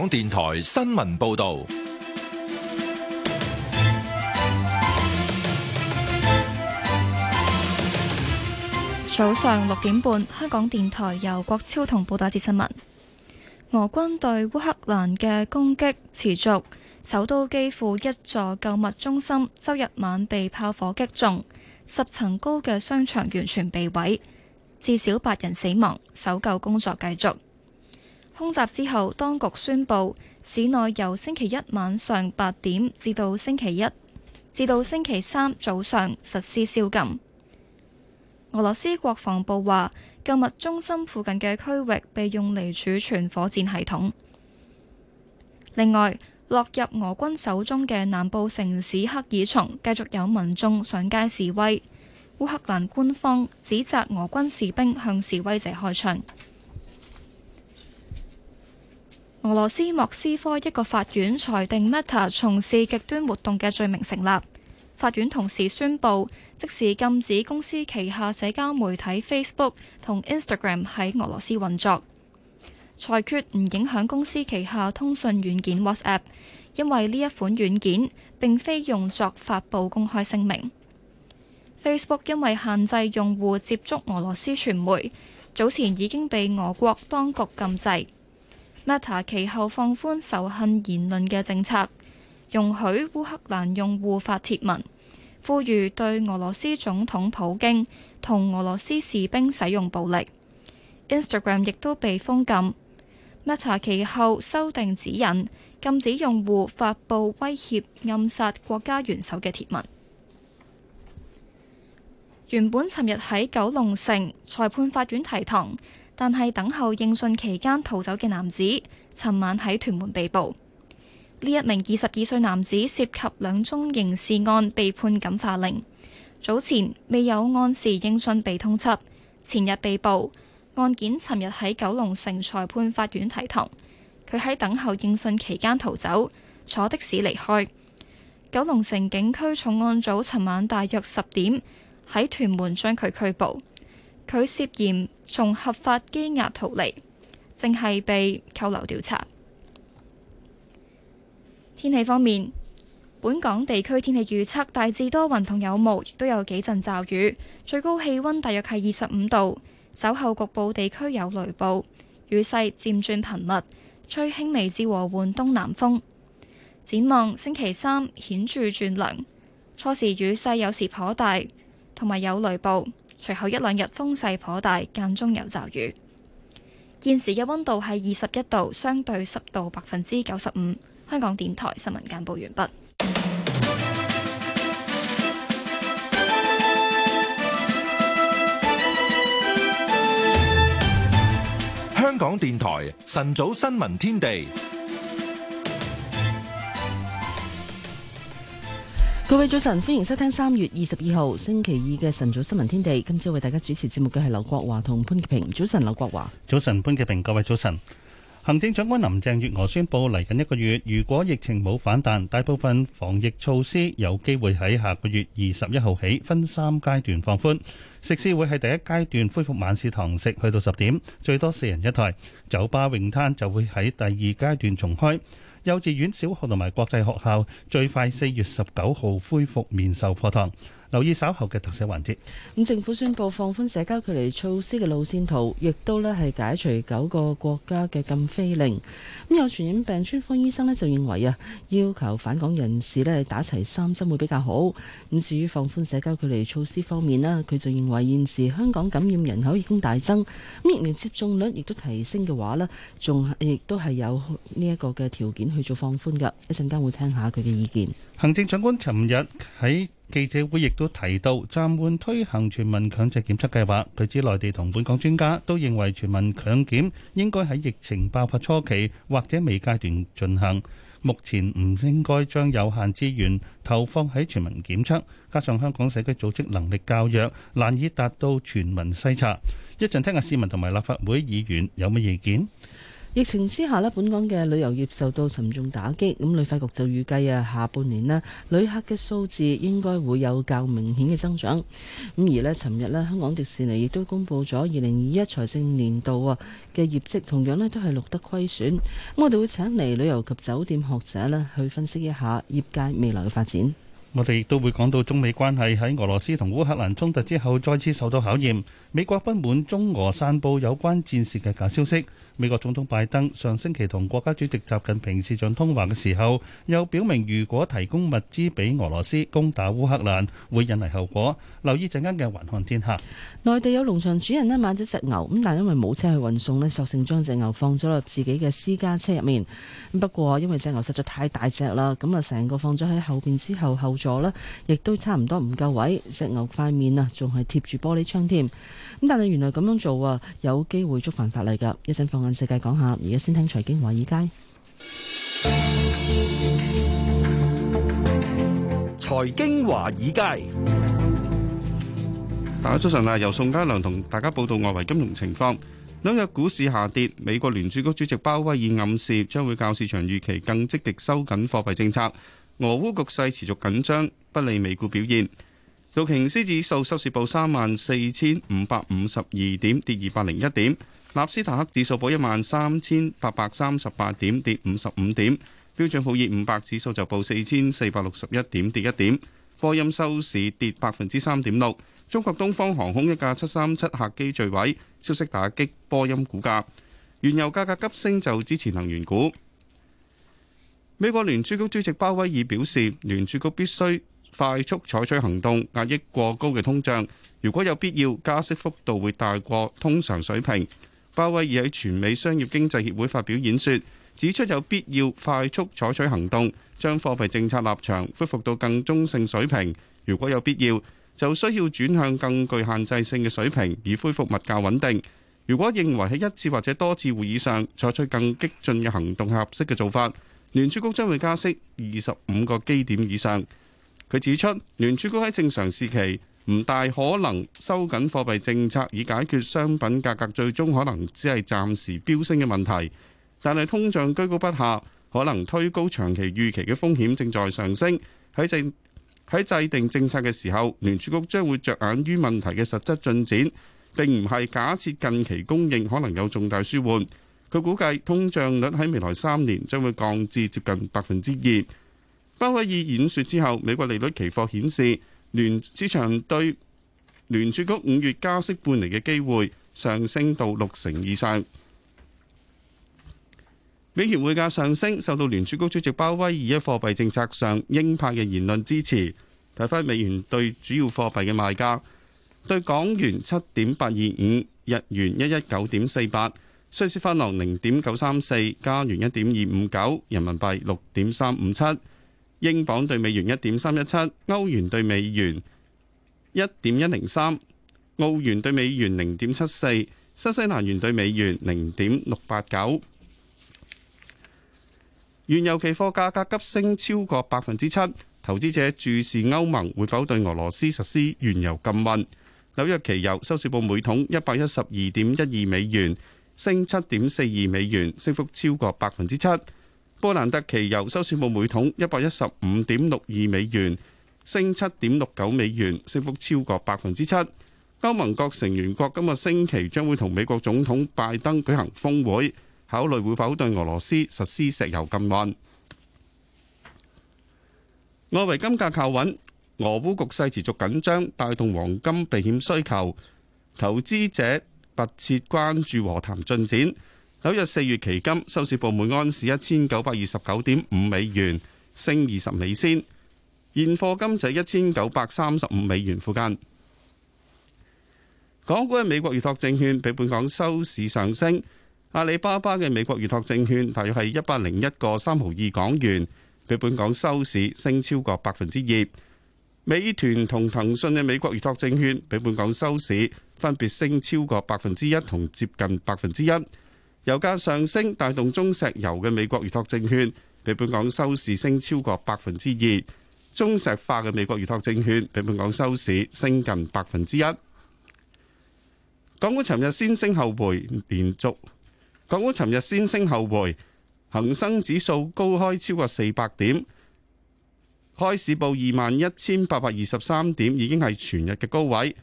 港電台新聞報道：早上六點半，香港電台由郭超同報道一節新聞。俄軍對烏克蘭嘅攻擊持續，首都基輔一座購物中心周日晚被炮火擊中，十層高嘅商場完全被毀，至少八人死亡，搜救工作繼續。空襲之後，當局宣布市內由星期一晚上八點至到星期一至到星期三早上實施宵禁。俄羅斯國防部話，購物中心附近嘅區域被用嚟儲存火箭系統。另外，落入俄軍手中嘅南部城市克爾松，繼續有民眾上街示威。烏克蘭官方指責俄軍士兵向示威者開槍。俄羅斯莫斯科一個法院裁定 Meta 從事極端活動嘅罪名成立。法院同時宣布，即時禁止公司旗下社交媒體 Facebook 同 Instagram 喺俄羅斯運作，裁決唔影響公司旗下通訊軟件 WhatsApp，因為呢一款軟件並非用作發布公開聲明。Facebook 因為限制用戶接觸俄羅斯傳媒，早前已經被俄國當局禁制。Meta 其後放寬仇恨言論嘅政策，容許烏克蘭用戶發帖文，呼籲對俄羅斯總統普京同俄羅斯士兵使用暴力。Instagram 亦都被封禁。Meta 其後修訂指引，禁止用戶發布威脅暗殺國家元首嘅帖文。原本尋日喺九龍城裁判法院提堂。但係，等候應訊期間逃走嘅男子，尋晚喺屯門被捕。呢一名二十二歲男子涉及兩宗刑事案，被判感化令。早前未有按時應訊被通緝，前日被捕。案件尋日喺九龍城裁判法院提堂。佢喺等候應訊期間逃走，坐的士離開。九龍城警區重案組尋晚大約十點喺屯門將佢拘捕。佢涉嫌從合法羈押逃離，正係被扣留調查。天氣方面，本港地區天氣預測大致多雲同有霧，亦都有幾陣驟雨，最高氣温大約係二十五度。稍後局部地區有雷暴，雨勢漸轉頻密，吹輕微至和緩東南風。展望星期三顯著轉涼，初時雨勢有時頗大，同埋有雷暴。隨後一兩日風勢頗大，間中有驟雨。現時嘅温度係二十一度，相對濕度百分之九十五。香港電台新聞簡報完畢。香港電台晨早新聞天地。各位早晨，歡迎收聽三月二十二號星期二嘅晨早新聞天地。今朝為大家主持節目嘅係劉國華同潘潔平。早晨，劉國華。早晨，潘潔平。各位早晨。行政長官林鄭月娥宣布，嚟緊一個月，如果疫情冇反彈，大部分防疫措施有機會喺下個月二十一號起分三階段放寬。食肆會喺第一階段恢復晚市堂食，去到十點，最多四人一台。酒吧泳灘就會喺第二階段重開。幼稚園、小學同埋國際學校最快四月十九號恢復面授課堂。留意稍後嘅特寫環節。咁政府宣布放寬社交距離措施嘅路線圖，亦都咧係解除九個國家嘅禁飛令。咁有傳染病專科醫生咧就認為啊，要求返港人士咧打齊三針會比較好。咁至於放寬社交距離措施方面咧，佢就認為現時香港感染人口已經大增，咁疫苗接種率亦都提升嘅話咧，仲亦都係有呢一個嘅條件去做放寬㗎。一陣間會聽下佢嘅意見。行政長官尋日喺記者會亦都提到暫緩推行全民強制檢測計劃。據知內地同本港專家都認為全民強檢應該喺疫情爆發初期或者尾階段進行，目前唔應該將有限資源投放喺全民檢測。加上香港社區組織能力較弱，難以達到全民篩查。一陣聽下市民同埋立法會議員有乜意見。疫情之下呢，本港嘅旅遊業受到沉重打擊。咁旅發局就預計啊，下半年呢旅客，嘅數字應該會有較明顯嘅增長。咁而呢，尋日呢，香港迪士尼亦都公布咗二零二一財政年度嘅業績，同樣呢都係錄得虧損。我哋會請嚟旅遊及酒店學者呢去分析一下業界未來嘅發展。我哋亦都會講到中美關係喺俄羅斯同烏克蘭衝突突之後再次受到考驗。美國不滿中俄散布有關戰事嘅假消息。美國總統拜登上星期同國家主席習近平視像通話嘅時候，又表明如果提供物資俾俄羅斯攻打烏克蘭，會引嚟後果。留意陣間嘅環看天下。內地有農場主人咧買咗隻牛，咁但係因為冇車去運送咧，索性將隻牛放咗落自己嘅私家車入面。不過因為隻牛實在太大隻啦，咁啊成個放咗喺後邊之後後座啦，亦都差唔多唔夠位。隻牛塊面啊仲係貼住玻璃窗添。咁但係原來咁樣做啊，有機會觸犯法例噶。一陣放世界講下，而家先聽財經華爾街。財經華爾街，大家早晨啊！由宋嘉良同大家報道外圍金融情況。兩日股市下跌，美國聯儲局主席鮑威爾暗示將會較市場預期更積極收緊貨幣政策。俄烏局勢持續緊張，不利美股表現。道瓊斯指數收市報三萬四千五百五十二點，跌二百零一點。納斯達克指數報一萬三千八百三十八點，跌五十五點。標準普爾五百指數就報四千四百六十一點，跌一點。波音收市跌百分之三點六。中國東方航空一架七三七客機墜毀，消息打擊波音股價。原油價格急升，就支持能源股。美國聯儲局主席鮑威爾表示，聯儲局必須快速採取行動，壓抑過高嘅通脹。如果有必要，加息幅度會大過通常水平。鮑威爾喺全美商業經濟協會發表演說，指出有必要快速採取行動，將貨幣政策立場恢復到更中性水平。如果有必要，就需要轉向更具限制性嘅水平，以恢復物價穩定。如果認為喺一次或者多次會議上採取更激進嘅行動合適嘅做法，聯儲局將會加息二十五個基點以上。佢指出，聯儲局喺正常時期。唔大可能收緊貨幣政策，以解決商品價格最終可能只係暫時飆升嘅問題，但係通脹居高不下，可能推高長期預期嘅風險正在上升。喺制喺制定政策嘅時候，聯儲局將會着眼於問題嘅實質進展，並唔係假設近期供應可能有重大舒緩，佢估計通脹率喺未來三年將會降至接近百分之二。鮑威爾演說之後美國利率期貨顯示。聯市場對聯儲局五月加息半釐嘅機會上升到六成以上。美元匯價上升，受到聯儲局主席鮑威爾喺貨幣政策上鷹派嘅言論支持。睇翻美元對主要貨幣嘅賣價，對港元七點八二五，日元一一九點四八，瑞士法郎零點九三四，加元一點二五九，人民幣六點三五七。英鎊兌美元一點三一七，歐元兌美元一點一零三，澳元兌美元零點七四，新西蘭元兌美元零點六八九。原油期貨價格急升超過百分之七，投資者注視歐盟會否對俄羅斯實施原油禁運。紐約期油收市報每桶一百一十二點一二美元，升七點四二美元，升幅超過百分之七。波蘭特期油收市報每桶一百一十五點六二美元，升七點六九美元，升幅超過百分之七。歐盟各成員國今個星期將會同美國總統拜登舉行峰會，考慮會否對俄羅斯實施石油禁運。外圍金價靠穩，俄烏局勢持續緊張，帶動黃金避險需求，投資者密切關注和談進展。紐約四月期金收市報每安士一千九百二十九點五美元，升二十美仙；現貨金就一千九百三十五美元附近。港股嘅美國預託證券比本港收市上升。阿里巴巴嘅美國預託證券，大約係一百零一個三毫二港元，比本港收市升超過百分之二。美團同騰訊嘅美國預託證券比本港收市分別升超過百分之一同接近百分之一。油價上升帶動中石油嘅美國預託證券，喺本港收市升超過百分之二；中石化嘅美國預託證券喺本港收市升近百分之一。港股尋日先升後回，連續。港股尋日先升後回，恒生指數高開超過四百點，開市報二萬一千八百二十三點，已經係全日嘅高位。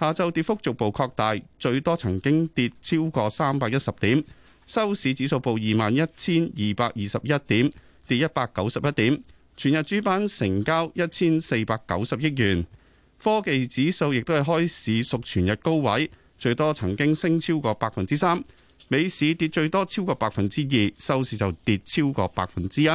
下晝跌幅逐步擴大，最多曾經跌超過三百一十點。收市指數報二萬一千二百二十一點，跌一百九十一點。全日主板成交一千四百九十億元。科技指數亦都係開市屬全日高位，最多曾經升超過百分之三。美市跌最多超過百分之二，收市就跌超過百分之一。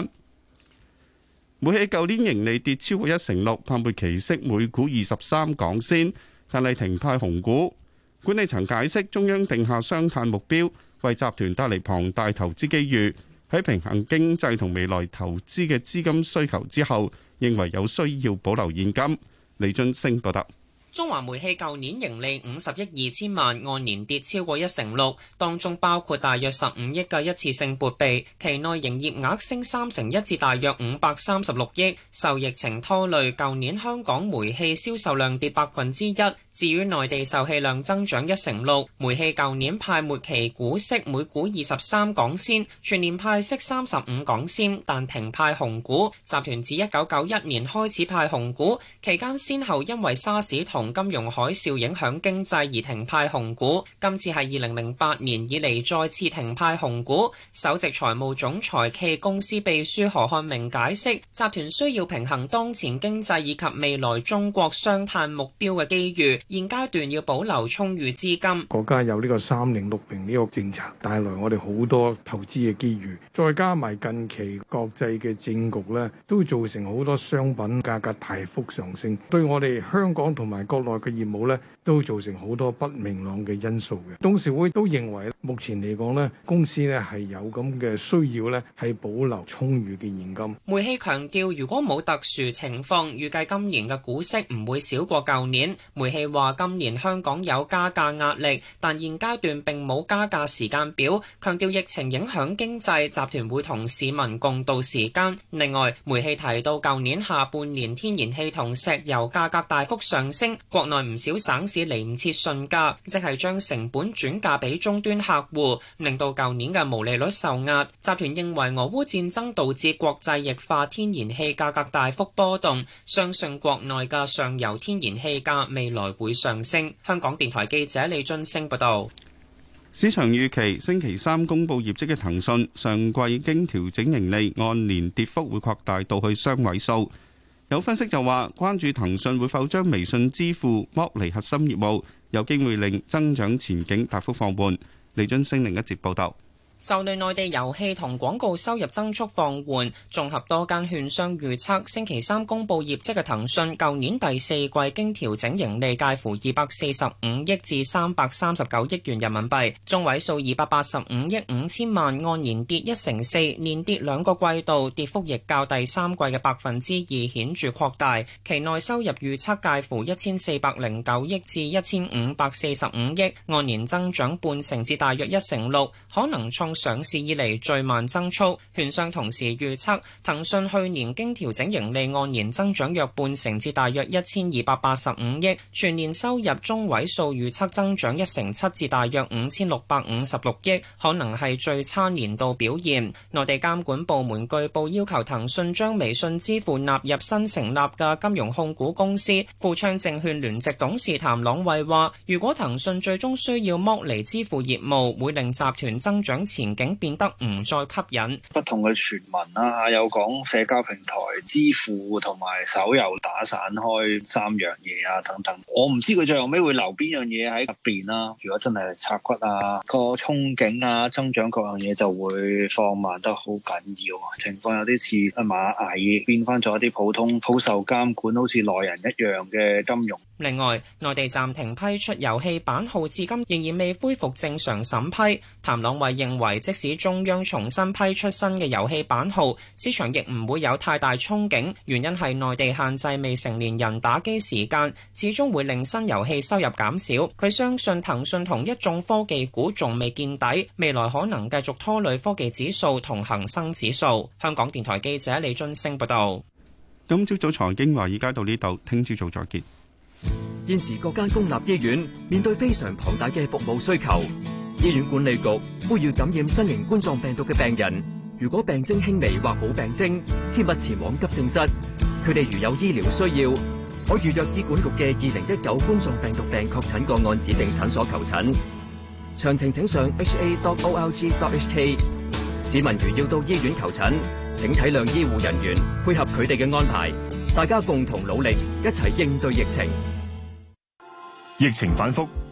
煤氣舊年盈利跌超過一成六，盼配期息每股二十三港仙。但係停派紅股，管理層解釋中央定下雙碳目標。為集團帶嚟龐大投資機遇，喺平衡經濟同未來投資嘅資金需求之後認為有需要保留現金。李俊升報道，中華煤氣舊年盈利五十億二千萬，按年跌超過一成六，當中包括大約十五億嘅一次性撥備，期內營業額升三成一至大約五百三十六億，受疫情拖累，舊年香港煤氣銷售量跌百分之一。至於內地售氣量增長一成六，煤氣舊年派末期股息每股二十三港仙，全年派息三十五港仙，但停派紅股。集團自一九九一年開始派紅股，期間先後因為沙士同金融海嘯影響經濟而停派紅股，今次係二零零八年以嚟再次停派紅股。首席財務總裁暨公司秘書何漢明解釋，集團需要平衡當前經濟以及未來中國雙碳目標嘅機遇。現階段要保留充裕資金，國家有呢個三零六零呢個政策，帶來我哋好多投資嘅機遇。再加埋近期國際嘅政局咧，都造成好多商品價格大幅上升，對我哋香港同埋國內嘅業務咧。都造成好多不明朗嘅因素嘅，董事會都認為目前嚟講咧，公司咧係有咁嘅需要咧，係保留充裕嘅現金。煤氣強調，如果冇特殊情況，預計今年嘅股息唔會少過舊年。煤氣話今年香港有加價壓力，但現階段並冇加價時間表。強調疫情影響經濟，集團會同市民共度時間，另外，煤氣提到舊年下半年天然氣同石油價格大幅上升，國內唔少省市。嚟唔切，順價，即係將成本轉嫁俾終端客戶，令到舊年嘅毛利率受壓。集團認為俄烏戰爭導致國際液化天然氣價格大幅波動，相信國內嘅上游天然氣價未來會上升。香港電台記者李俊升報道。市場預期星期三公布業績嘅騰訊，上季經調整盈利按年跌幅會擴大到去雙位數。有分析就話，關注騰訊會否將微信支付剝離核心業務，有機會令增長前景大幅放緩。李津升另一節報道。受累內地遊戲同廣告收入增速放緩，綜合多間券商預測，星期三公布業績嘅騰訊，舊年第四季經調整盈利介乎二百四十五億至三百三十九億元人民幣，中位數二百八十五億五千萬，按年跌一成四，年跌兩個季度，跌幅亦較第三季嘅百分之二顯著擴大。期內收入預測介乎一千四百零九億至一千五百四十五億，按年增長半成至大約一成六，可能創上市以嚟最慢增速，券商同時預測騰訊去年經調整盈利按年增長約半成，至大約一千二百八十五億；全年收入中位數預測增長一成七，至大約五千六百五十六億，可能係最差年度表現。內地監管部門據報要求騰訊將微信支付納入新成立嘅金融控股公司。富昌證券聯席董事譚朗慧話：如果騰訊最終需要剝離支付業務，會令集團增長。前景變得唔再吸引，不同嘅傳聞啦，有講社交平台支付同埋手遊打散開三樣嘢啊等等，我唔知佢最後尾會留邊樣嘢喺入邊啦。如果真係拆骨啊，個憧憬啊、增長各樣嘢就會放慢得好緊要啊。情況有啲似螞蟻變翻咗一啲普通、好受監管、好似內人一樣嘅金融。另外，內地暫停批出遊戲版號，至今仍然未恢復正常審批。譚朗偉認為，即使中央重新批出新嘅遊戲版號，市場亦唔會有太大憧憬。原因係內地限制未成年人打機時間，始終會令新遊戲收入減少。佢相信騰訊同一眾科技股仲未見底，未來可能繼續拖累科技指數同恒生指數。香港電台記者李俊升報道。今朝早財經華爾街到呢度，聽朝早再見。現時各間公立醫院面對非常龐大嘅服務需求。醫院管理局呼籲感染新型冠狀病毒嘅病人，如果病徵輕微或冇病徵，切勿前往急症室。佢哋如有醫療需要，可預約醫管局嘅二零一九冠狀病毒病確診個案指定診所求診。詳情請上 ha.org.hk。市民如要到醫院求診，請體諒醫護人員，配合佢哋嘅安排，大家共同努力一齊應對疫情。疫情反覆。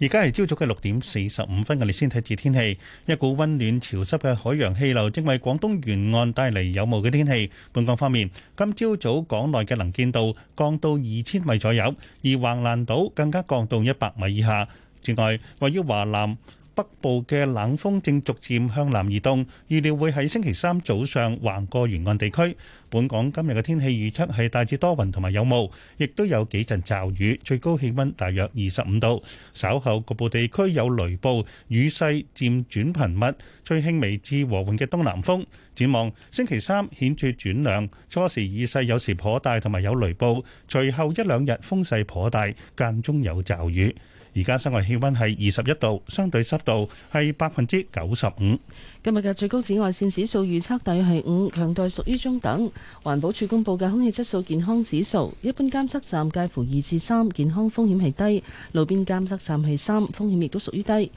而家係朝早嘅六點四十五分，我哋先睇住天氣。一股溫暖潮濕嘅海洋氣流正為廣東沿岸帶嚟有霧嘅天氣。本港方面，今朝早，早港內嘅能見度降到二千米左右，而橫瀾島更加降到一百米以下。此外，位於華南北部嘅冷風正逐漸向南移動，預料會喺星期三早上橫過沿岸地區。本港今日嘅天氣預測係大致多雲同埋有霧，亦都有幾陣驟雨，最高氣溫大約二十五度。稍後局部地區有雷暴，雨勢漸轉頻密，最輕微至和緩嘅東南風。展望星期三顯著轉涼，初時雨勢有時頗大同埋有雷暴，隨後一兩日風勢頗大，間中有驟雨。而家室外氣溫係二十一度，相對濕度係百分之九十五。今日嘅最高紫外線指數預測大約係五，強度屬於中等。環保署公布嘅空氣質素健康指數，一般監測站介乎二至三，健康風險係低；路邊監測站係三，風險亦都屬於低。喺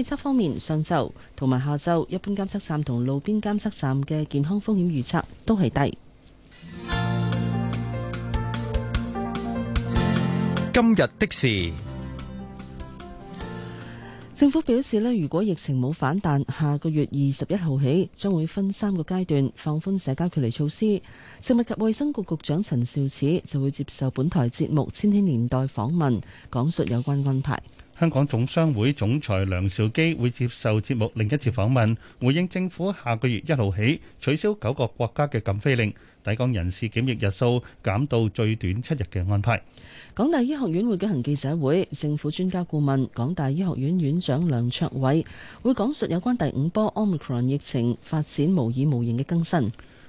預測方面，上晝同埋下晝，一般監測站同路邊監測站嘅健康風險預測都係低。今日的事。政府表示呢，如果疫情冇反彈，下個月二十一號起，將會分三個階段放寬社交距離措施。食物及衛生局局長陳肇始就會接受本台節目《千禧年代》訪問，講述有關安排。香港總商會總裁梁兆基會接受節目另一次訪問，回應政府下個月一號起取消九個國家嘅禁飛令，抵港人士檢疫日數減到最短七日嘅安排。港大醫學院會舉行記者會，政府專家顧問、港大醫學院院長梁卓偉會講述有關第五波 Omicron 疫情發展模擬模型嘅更新。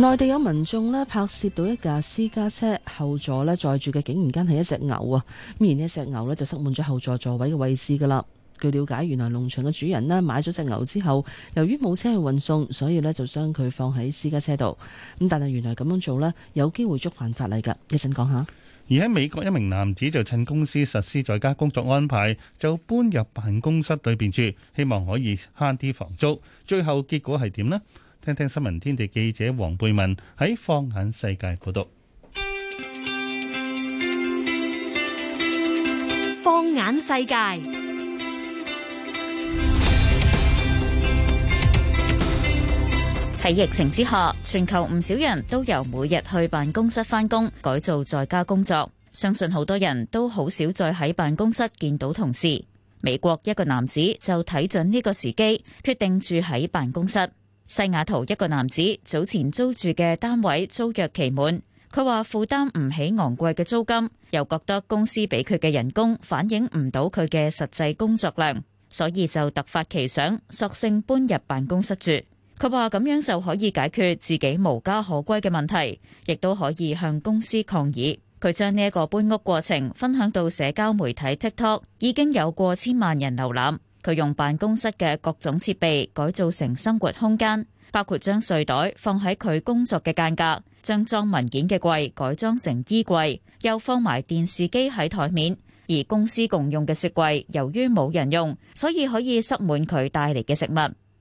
內地有民眾咧，拍攝到一架私家車後座咧載住嘅，竟然間係一隻牛啊！咁而呢一隻牛咧就塞滿咗後座座位嘅位置噶啦。據了解，原來農場嘅主人咧買咗隻牛之後，由於冇車去運送，所以咧就將佢放喺私家車度。咁但係原來咁樣做咧，有機會觸犯法例噶。講一陣講下。而喺美國，一名男子就趁公司實施在家工作安排，就搬入辦公室裏邊住，希望可以慳啲房租。最後結果係點呢？聽聽新聞天地記者黃貝文喺《放眼世界》報道，《放眼世界》喺疫情之下，全球唔少人都由每日去辦公室返工改做在家工作。相信好多人都好少再喺辦公室見到同事。美國一個男子就睇準呢個時機，決定住喺辦公室。西雅圖一個男子早前租住嘅單位租約期滿，佢話負擔唔起昂貴嘅租金，又覺得公司俾佢嘅人工反映唔到佢嘅實際工作量，所以就突發奇想，索性搬入辦公室住。佢話咁樣就可以解決自己無家可歸嘅問題，亦都可以向公司抗議。佢將呢一個搬屋過程分享到社交媒體 TikTok，已經有過千萬人瀏覽。佢用辦公室嘅各種設備改造成生活空間，包括將睡袋放喺佢工作嘅間隔，將裝文件嘅櫃改裝成衣櫃，又放埋電視機喺台面。而公司共用嘅雪櫃，由於冇人用，所以可以塞滿佢帶嚟嘅食物。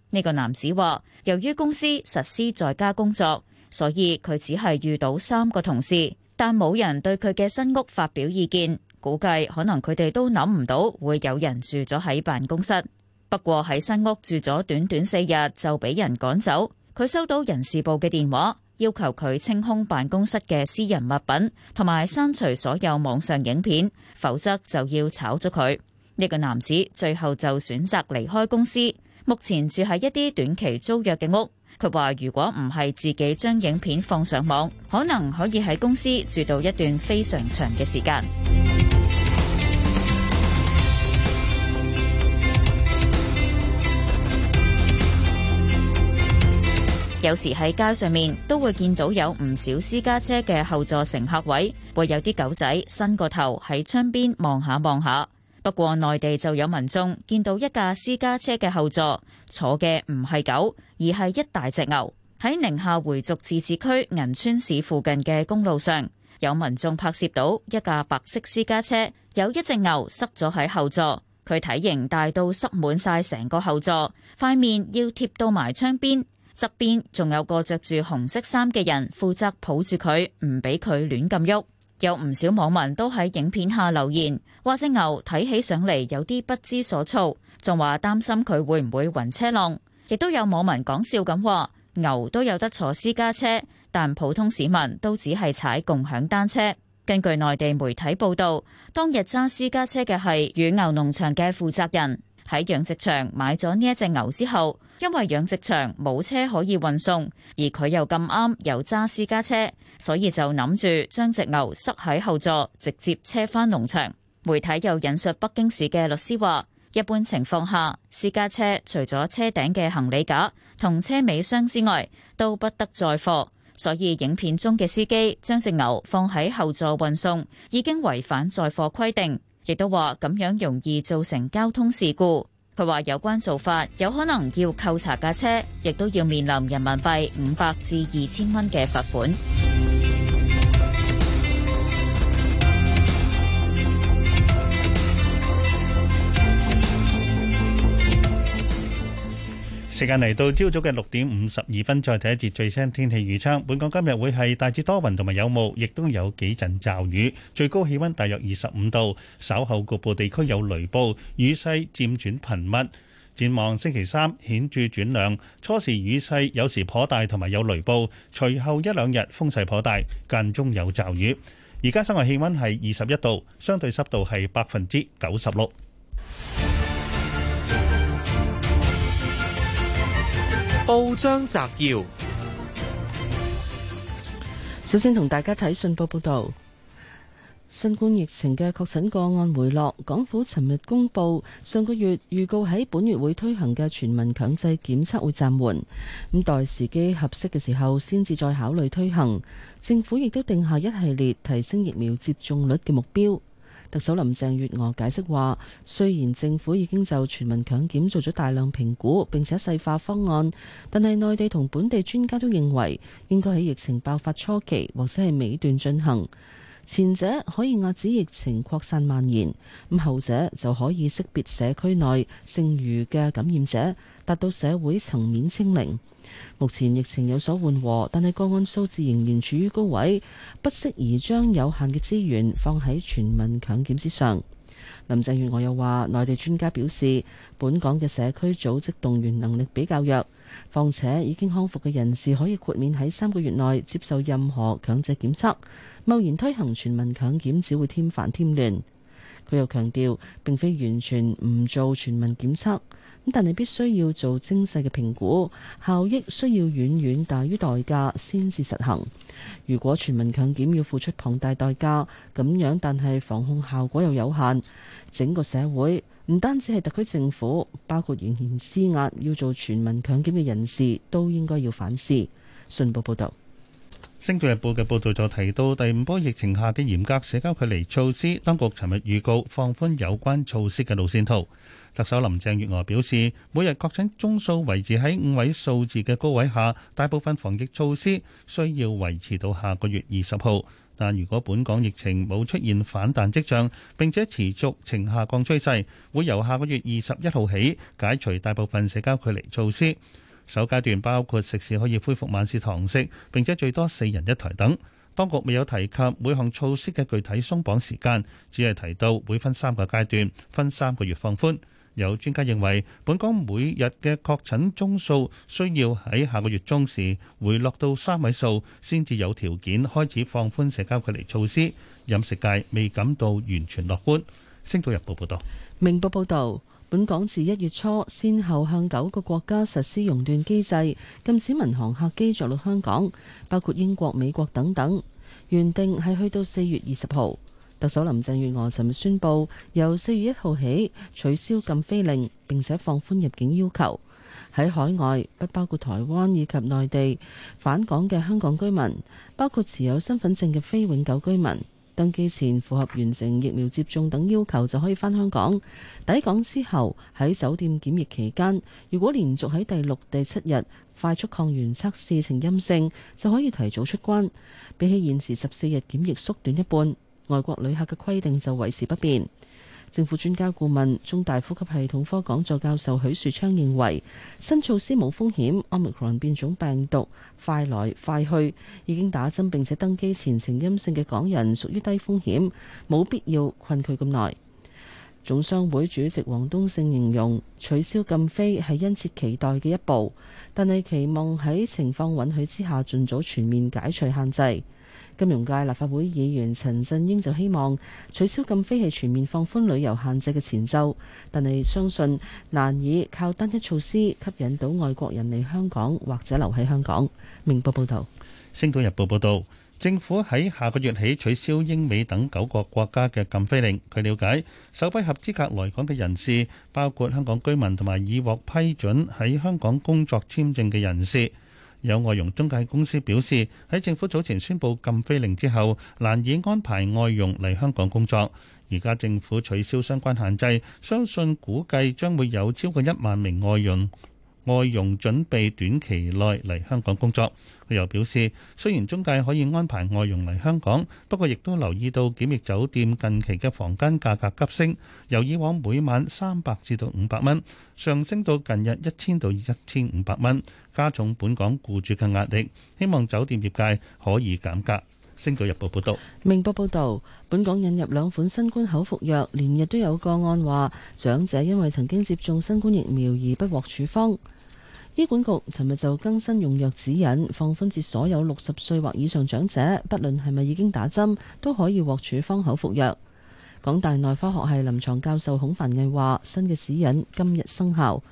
呢個男子話，由於公司實施在家工作，所以佢只係遇到三個同事，但冇人對佢嘅新屋發表意見。估計可能佢哋都諗唔到會有人住咗喺辦公室。不過喺新屋住咗短短四日就俾人趕走。佢收到人事部嘅電話，要求佢清空辦公室嘅私人物品，同埋刪除所有網上影片，否則就要炒咗佢。呢個男子最後就選擇離開公司。目前住喺一啲短期租約嘅屋。佢話如果唔係自己將影片放上網，可能可以喺公司住到一段非常長嘅時間。有時喺街上面都會見到有唔少私家車嘅後座乘客位，會有啲狗仔伸個頭喺窗邊望下望下。不過內地就有民眾見到一架私家車嘅後座坐嘅唔係狗，而係一大隻牛。喺寧夏回族自治區銀川市附近嘅公路上，有民眾拍攝到一架白色私家車，有一隻牛塞咗喺後座，佢體型大到塞滿晒成個後座，塊面要貼到埋窗邊。側邊仲有個着住紅色衫嘅人負責抱住佢，唔俾佢亂咁喐。有唔少網民都喺影片下留言，話隻牛睇起上嚟有啲不知所措，仲話擔心佢會唔會暈車浪。亦都有網民講笑咁話，牛都有得坐私家車，但普通市民都只係踩共享單車。根據內地媒體報道，當日揸私家車嘅係乳牛農場嘅負責人，喺養殖場買咗呢一隻牛之後，因為養殖場冇車可以運送，而佢又咁啱有揸私家車，所以就諗住將隻牛塞喺後座，直接車返農場。媒體又引述北京市嘅律師話：一般情況下，私家車除咗車頂嘅行李架同車尾箱之外，都不得載貨。所以影片中嘅司機將隻牛放喺後座運送，已經違反載貨規定，亦都話咁樣容易造成交通事故。佢話有關做法有可能要扣查架車，亦都要面臨人民幣五百至二千蚊嘅罰款。時間嚟到朝早嘅六點五十二分，再睇一節最新天氣預測。本港今日會係大致多雲同埋有霧，亦都有幾陣驟雨，最高氣溫大約二十五度。稍後局部地區有雷暴，雨勢漸轉頻密。展望星期三顯著轉涼，初時雨勢有時頗大同埋有雷暴，隨後一兩日風勢頗大，間中有驟雨。而家室外氣溫係二十一度，相對濕度係百分之九十六。報章摘要，首先同大家睇《信報報道，新冠疫情嘅確診個案回落。港府尋日公布，上個月預告喺本月會推行嘅全民強制檢測會暫緩，咁待時機合適嘅時候先至再考慮推行。政府亦都定下一系列提升疫苗接種率嘅目標。特首林鄭月娥解釋話：雖然政府已經就全民強檢做咗大量評估，並且細化方案，但係內地同本地專家都認為，應該喺疫情爆發初期或者係尾段進行，前者可以壓止疫情擴散蔓延，咁後者就可以識別社區內剩餘嘅感染者，達到社會層面清零。目前疫情有所緩和，但係個案數字仍然處於高位，不適宜將有限嘅資源放喺全民強檢之上。林鄭月娥又話：內地專家表示，本港嘅社區組織動員能力比較弱，況且已經康復嘅人士可以豁免喺三個月內接受任何強制檢測。貿然推行全民強檢只會添煩添亂。佢又強調，並非完全唔做全民檢測。但係必須要做精細嘅評估，效益需要遠遠大於代價先至實行。如果全民強檢要付出龐大代價，咁樣但係防控效果又有限，整個社會唔單止係特區政府，包括完全施壓要做全民強檢嘅人士，都應該要反思。信報報道，《星島日報》嘅報道就提到第五波疫情下嘅嚴格社交距離措施，當局尋日預告放寬有關措施嘅路線圖。特首林鄭月娥表示，每日確診宗數維持喺五位數字嘅高位下，大部分防疫措施需要維持到下個月二十號。但如果本港疫情冇出現反彈跡象，並且持續呈下降趨勢，會由下個月二十一號起解除大部分社交距離措施。首階段包括食肆可以恢復晚市堂食，並且最多四人一台等。當局未有提及每項措施嘅具體鬆綁時間，只係提到會分三個階段，分三個月放寬。有專家認為，本港每日嘅確診宗數需要喺下個月中時回落到三位數，先至有條件開始放寬社交距離措施。飲食界未感到完全樂觀。星島日報報導，明報報導，本港自一月初先後向九個國家實施熔斷機制，禁止民航客機著陸香港，包括英國、美國等等。原定係去到四月二十號。特首林鄭月娥尋日宣布，由四月一號起取消禁飛令，並且放寬入境要求。喺海外，不包括台灣以及內地返港嘅香港居民，包括持有身份證嘅非永久居民登機前符合完成疫苗接種等要求，就可以返香港。抵港之後，喺酒店檢疫期間，如果連續喺第六、第七日快速抗原測試呈陰性，就可以提早出關，比起現時十四日檢疫縮短一半。外國旅客嘅規定就維持不變。政府專家顧問、中大呼吸系統科講座教授許樹昌認為，新措施冇風險。Omicron 變種病毒快來快去，已經打針並且登機前呈陰性嘅港人屬於低風險，冇必要困佢咁耐。總商會主席王冬勝形容取消禁飛係殷切期待嘅一步，但係期望喺情況允許之下盡早全面解除限制。金融界立法會議員陳振英就希望取消禁飛係全面放寬旅遊限制嘅前奏，但係相信難以靠單一措施吸引到外國人嚟香港或者留喺香港。明報報導，《星島日報》報道，政府喺下個月起取消英美等九個國家嘅禁飛令。據了解，首批合資格來港嘅人士包括香港居民同埋已獲批准喺香港工作簽證嘅人士。有外傭中介公司表示，喺政府早前宣布禁飛令之後，難以安排外傭嚟香港工作。而家政府取消相關限制，相信估計將會有超過一萬名外傭外傭準備短期內嚟香港工作。佢又表示，雖然中介可以安排外傭嚟香港，不過亦都留意到檢疫酒店近期嘅房間價格急升，由以往每晚三百至到五百蚊，上升到近日一千到一千五百蚊。加重本港僱主嘅壓力，希望酒店業界可以減價。星島日報報道，明報報道，本港引入兩款新冠口服藥，連日都有個案話長者因為曾經接種新冠疫苗而不獲處方。醫管局尋日就更新用藥指引，放寬至所有六十歲或以上長者，不論係咪已經打針都可以獲處方口服藥，港大內科學系臨床教授孔凡毅話新嘅指引今日生效。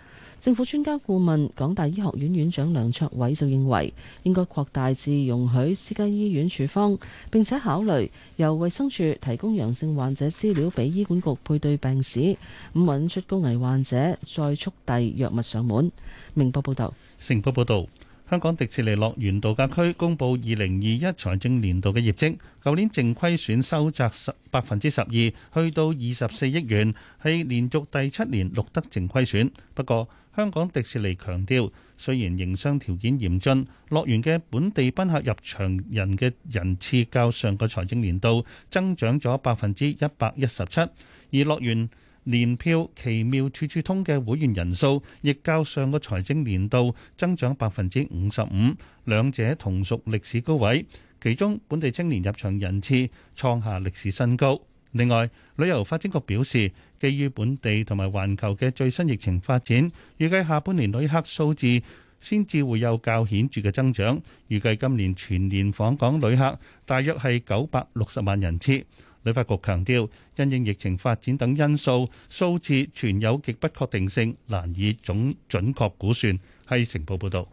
政府專家顧問港大醫學院院長梁卓偉就認為，應該擴大至容許私家醫院處方，並且考慮由衛生署提供陽性患者資料俾醫管局配對病史，咁揾出高危患者，再速遞藥物上門。明報報道。成報報導，香港迪士尼樂園度假區公佈二零二一財政年度嘅業績，舊年淨虧損收窄十百分之十二，去到二十四億元，係連續第七年錄得淨虧損。不過，香港迪士尼強調，雖然營商條件嚴峻，樂園嘅本地賓客入場人嘅人次較上個財政年度增長咗百分之一百一十七，而樂園年票奇妙處處通嘅會員人數亦較上個財政年度增長百分之五十五，兩者同屬歷史高位，其中本地青年入場人次創下歷史新高。另外，旅遊發展局表示，基於本地同埋環球嘅最新疫情發展，預計下半年旅客數字先至會有較顯著嘅增長。預計今年全年訪港旅客大約係九百六十萬人次。旅發局強調，因應疫情發展等因素，數字存有極不確定性，難以總準確估算。係成報報導。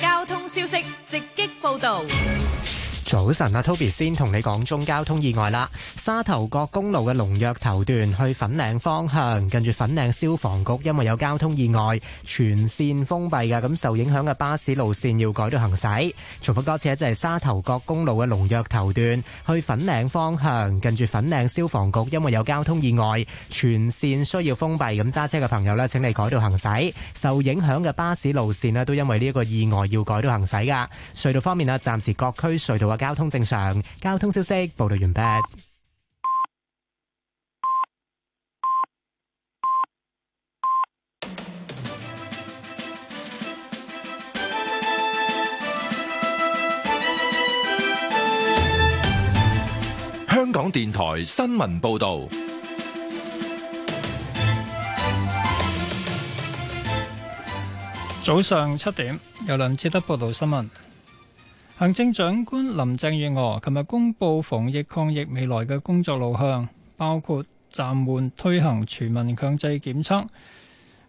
交通消息直擊報導。早晨啊，Toby 先同你講中交通意外啦。沙頭角公路嘅龍躍頭段去粉嶺方向，近住粉嶺消防局，因為有交通意外，全線封閉嘅。咁受影響嘅巴士路線要改道行駛。重複多次啊，即係沙頭角公路嘅龍躍頭段去粉嶺方向，近住粉嶺消防局，因為有交通意外，全線需要封閉。咁揸車嘅朋友咧，請你改道行駛。受影響嘅巴士路線咧，都因為呢一個意外要改道行駛噶。隧道方面啊，暫時各區隧道啊。交通正常，交通消息報道完畢。香港電台新聞報道，早上七點，由林志德報道新聞。行政長官林鄭月娥琴日公布防疫抗疫未來嘅工作路向，包括暫緩推行全民強制檢測。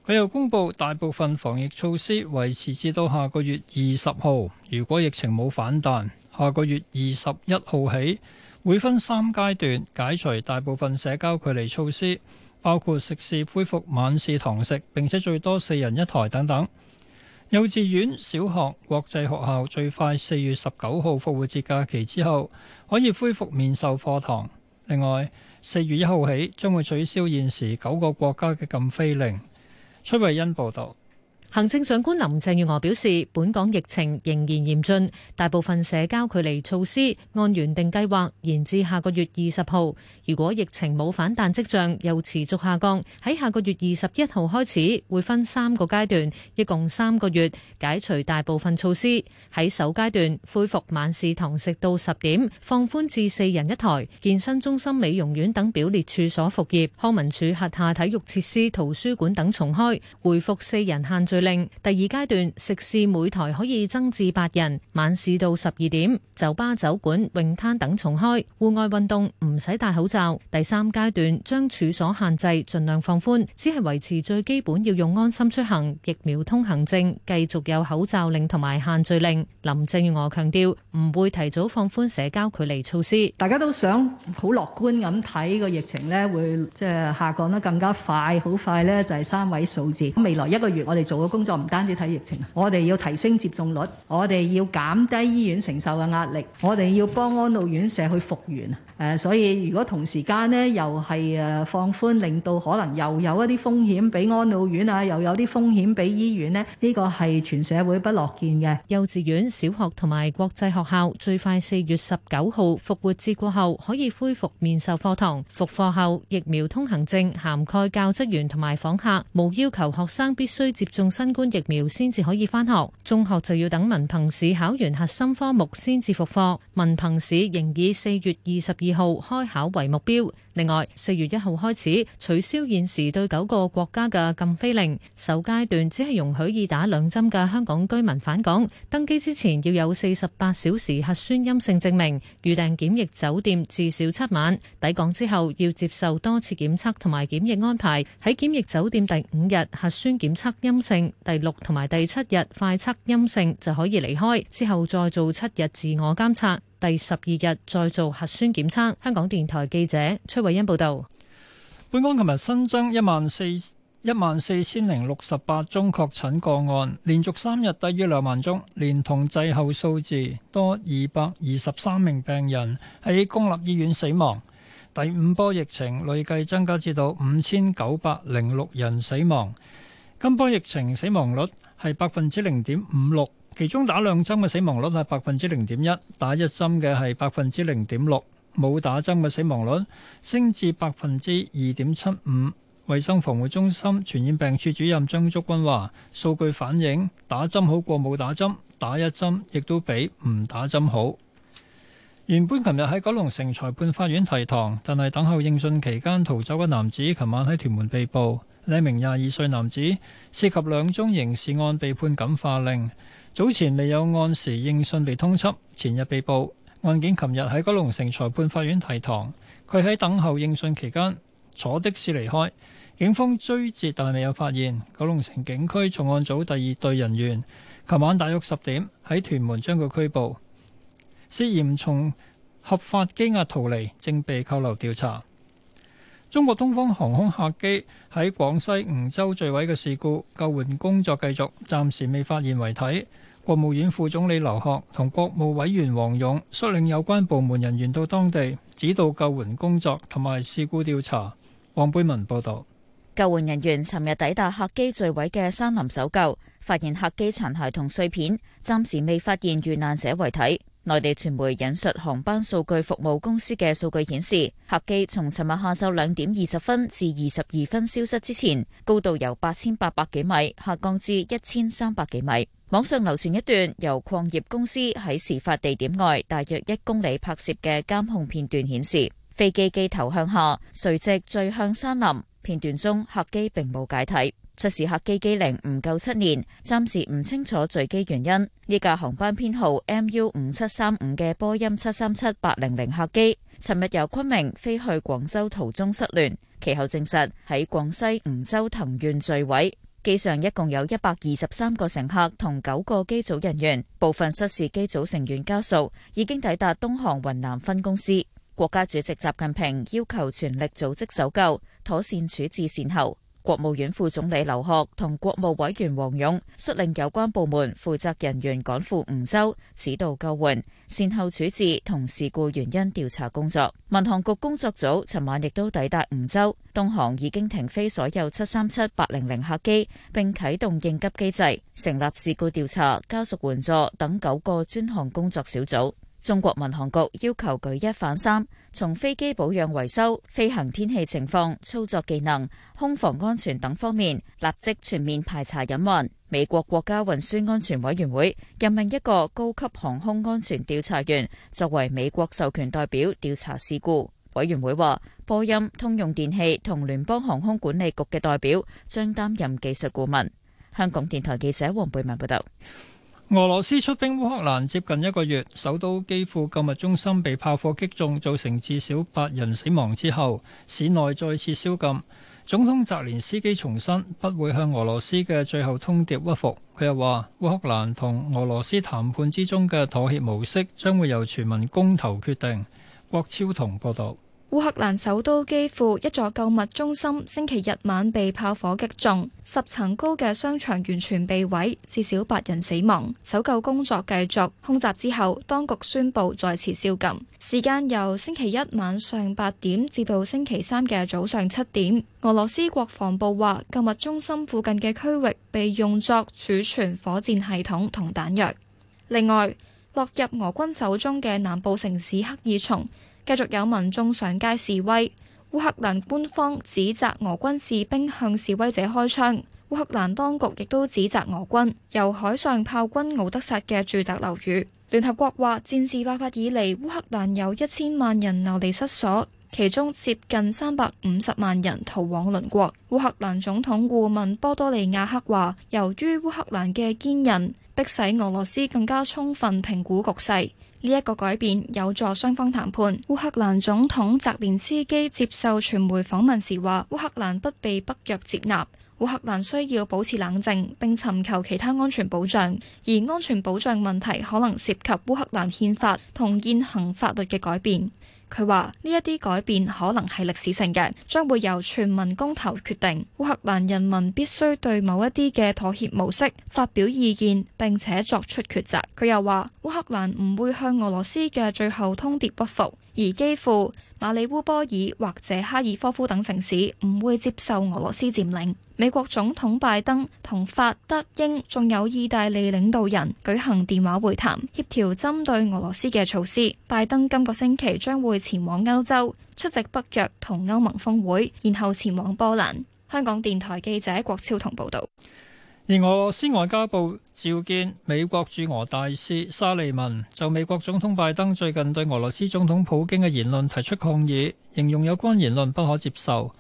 佢又公布大部分防疫措施維持至到下個月二十號，如果疫情冇反彈，下個月二十一號起會分三階段解除大部分社交距離措施，包括食肆恢復晚市堂食，並且最多四人一台等等。幼稚園、小學、國際學校最快四月十九號復活節假期之後可以恢復面授課堂。另外，四月一號起將會取消現時九個國家嘅禁飛令。崔慧恩報導。行政長官林鄭月娥表示，本港疫情仍然嚴峻，大部分社交距離措施按原定計劃延至下個月二十號。如果疫情冇反彈跡象又持續下降，喺下個月二十一號開始會分三個階段，一共三個月解除大部分措施。喺首階段恢復晚市堂食到十點，放寬至四人一台；健身中心、美容院等表列處所復業，康文署轄下體育設施、圖書館等重開，恢復四人限聚。令第二階段食肆每台可以增至八人，晚市到十二點，酒吧、酒館、泳灘等重開，戶外運動唔使戴口罩。第三階段將處所限制盡量放寬，只係維持最基本要用安心出行疫苗通行證，繼續有口罩令同埋限聚令。林鄭月娥強調唔會提早放寬社交距離措施。大家都想好樂觀咁睇個疫情咧，會即係下降得更加快，好快咧就係三位數字。未來一個月我哋做。工作唔單止睇疫情，我哋要提升接種率，我哋要減低醫院承受嘅壓力，我哋要幫安老院舍去復原。誒，所以如果同時間呢，又係誒放寬，令到可能又有一啲風險俾安老院啊，又有啲風險俾醫院呢，呢、呢個係全社會不樂見嘅。幼稚園、小學同埋國際學校最快四月十九號復活節過後可以恢復面授課堂，復課後疫苗通行證涵蓋教職員同埋訪客，冇要求學生必須接種新冠疫苗先至可以翻學。中學就要等文憑試考完核心科目先至復課。文憑試仍以四月二十二。二號開考為目標。另外，四月一號開始取消現時對九個國家嘅禁飛令。首階段只係容許已打兩針嘅香港居民返港，登機之前要有四十八小時核酸陰性證明，預訂檢疫酒店至少七晚。抵港之後要接受多次檢測同埋檢疫安排，喺檢疫酒店第五日核酸檢測陰性，第六同埋第七日快測陰性就可以離開，之後再做七日自我監測。第十二日再做核酸檢測。香港電台記者崔慧欣報道。本港琴日新增一萬四一萬四千零六十八宗確診個案，連續三日低於兩萬宗，連同滯後數字多二百二十三名病人喺公立醫院死亡。第五波疫情累計增加至到五千九百零六人死亡，今波疫情死亡率係百分之零點五六。其中打兩針嘅死亡率係百分之零點一，打一針嘅係百分之零點六，冇打針嘅死亡率升至百分之二點七五。衛生防護中心傳染病處主任張竹君話：數據反映打針好過冇打針，打一針亦都比唔打針好。原本琴日喺九龍城裁判法院提堂，但係等候應訊期間逃走嘅男子，琴晚喺屯門被捕。呢名廿二歲男子涉及兩宗刑事案被判感化令，早前未有按時應訊被通緝，前日被捕。案件琴日喺九龍城裁判法院提堂，佢喺等候應訊期間坐的士離開，警方追截但未有發現。九龍城警區重案組第二隊人員琴晚大約十點喺屯門將佢拘捕，涉嫌從合法羈押逃離，正被扣留調查。中國東方航空客機喺廣西梧州墜毀嘅事故，救援工作繼續，暫時未發現遺體。國務院副總理劉鶴同國務委員王勇率領有關部門人員到當地指導救援工作同埋事故調查。黃貝文報道，救援人員尋日抵達客機墜毀嘅山林搜救，發現客機殘骸同碎片，暫時未發現遇難者遺體。內地傳媒引述航班數據服務公司嘅數據顯示，客機從尋日下晝兩點二十分至二十二分消失之前，高度由八千八百幾米下降至一千三百幾米。網上流傳一段由礦業公司喺事發地點外大約一公里拍攝嘅監控片段顯示，顯示飛機機頭向下，垂直墜向山林。片段中，客機並冇解體。出事客機機齡唔夠七年，暫時唔清楚墜機原因。呢架航班編號 MU 幺五七三五嘅波音七三七八零零客機，尋日由昆明飛去廣州途中失聯，其後證實喺廣西梧州藤縣墜毀。機上一共有一百二十三個乘客同九個機組人員，部分失事機組成員家屬已經抵達東航雲南分公司。國家主席習近平要求全力組織搜救，妥善處置善後。國務院副總理劉鶴同國務委員王勇率領有關部門負責人員趕赴梧州指導救援、善後處置同事故原因調查工作。民航局工作組尋晚亦都抵達梧州，東航已經停飛所有七三七八零零客機，並啟動應急機制，成立事故調查、家屬援助等九個專項工作小組。中國民航局要求舉一反三，從飛機保養維修、飛行天氣情況、操作技能、空防安全等方面立即全面排查隱患。美國國家運輸安全委員會任命一個高級航空安全調查員作為美國授權代表調查事故。委員會話，波音、通用電氣同聯邦航空管理局嘅代表將擔任技術顧問。香港電台記者黃貝文報道。俄羅斯出兵烏克蘭接近一個月，首都基輔，購物中心被炮火擊中，造成至少八人死亡之後，市內再次宵禁。總統澤連斯基重申不會向俄羅斯嘅最後通牒屈服。佢又話，烏克蘭同俄羅斯談判之中嘅妥協模式將會由全民公投決定。郭超同報道。烏克蘭首都基輔一座購物中心星期日晚被炮火擊中，十層高嘅商場完全被毀，至少八人死亡。搜救工作繼續。空襲之後，當局宣布再次宵禁，時間由星期一晚上八點至到星期三嘅早上七點。俄羅斯國防部話，購物中心附近嘅區域被用作儲存火箭系統同彈藥。另外，落入俄軍手中嘅南部城市克爾松。繼續有民眾上街示威，烏克蘭官方指責俄軍士兵向示威者開槍，烏克蘭當局亦都指責俄軍由海上炮轟奧德薩嘅住宅樓宇。聯合國話，戰事爆發以嚟，烏克蘭有一千萬人流離失所，其中接近三百五十萬人逃往鄰國。烏克蘭總統顧問波多利亞克話，由於烏克蘭嘅堅忍，迫使俄羅斯更加充分評估局勢。呢一個改變有助雙方談判。烏克蘭總統澤連斯基接受傳媒訪問時話：烏克蘭不被北約接納，烏克蘭需要保持冷靜，並尋求其他安全保障。而安全保障問題可能涉及烏克蘭憲法同現行法律嘅改變。佢話：呢一啲改變可能係歷史性嘅，將會由全民公投決定。烏克蘭人民必須對某一啲嘅妥協模式發表意見並且作出抉擇。佢又話：烏克蘭唔會向俄羅斯嘅最後通牒屈服，而基輔馬里烏波爾或者哈爾科夫等城市唔會接受俄羅斯佔領。美國總統拜登同法德英仲有意大利領導人舉行電話會談，協調針對俄羅斯嘅措施。拜登今個星期將會前往歐洲出席北約同歐盟峰會，然後前往波蘭。香港電台記者郭超同報道。而俄羅斯外交部召見美國駐俄大使沙利文，就美國總統拜登最近對俄羅斯總統普京嘅言論提出抗議，形容有關言論不可接受。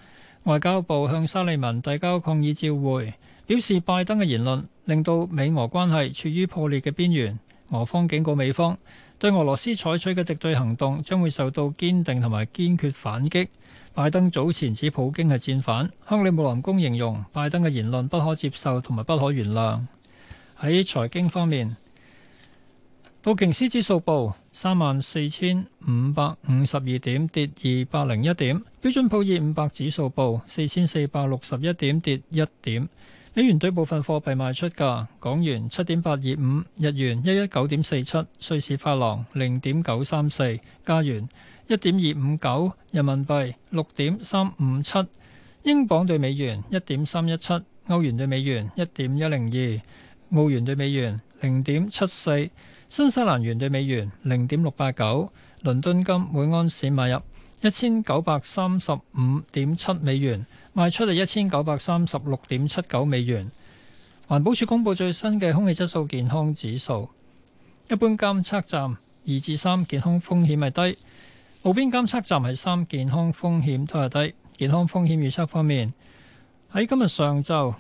外交部向沙利文遞交抗議照會，表示拜登嘅言論令到美俄關係處於破裂嘅邊緣。俄方警告美方，對俄羅斯採取嘅敵對行動將會受到堅定同埋堅決反擊。拜登早前指普京係戰犯，克里姆林宮形容拜登嘅言論不可接受同埋不可原諒。喺財經方面，道瓊斯指數報三萬四千五百五十二點，跌二百零一點。標準普爾五百指數報四千四百六十一點，跌一點。美元兌部分貨幣賣出價：港元七點八二五，日元一一九點四七，瑞士法郎零點九三四，加元一點二五九，人民幣六點三五七，英鎊兌美元一點三一七，歐元兌美元一點一零二，澳元兌美元零點七四，新西蘭元兌美元零點六八九，倫敦金每安士買入。一千九百三十五點七美元，賣出係一千九百三十六點七九美元。環保署公布最新嘅空氣質素健康指數，一般監測站二至三健康風險係低，路邊監測站係三健康風險都係低。健康風險預測方面，喺今日上晝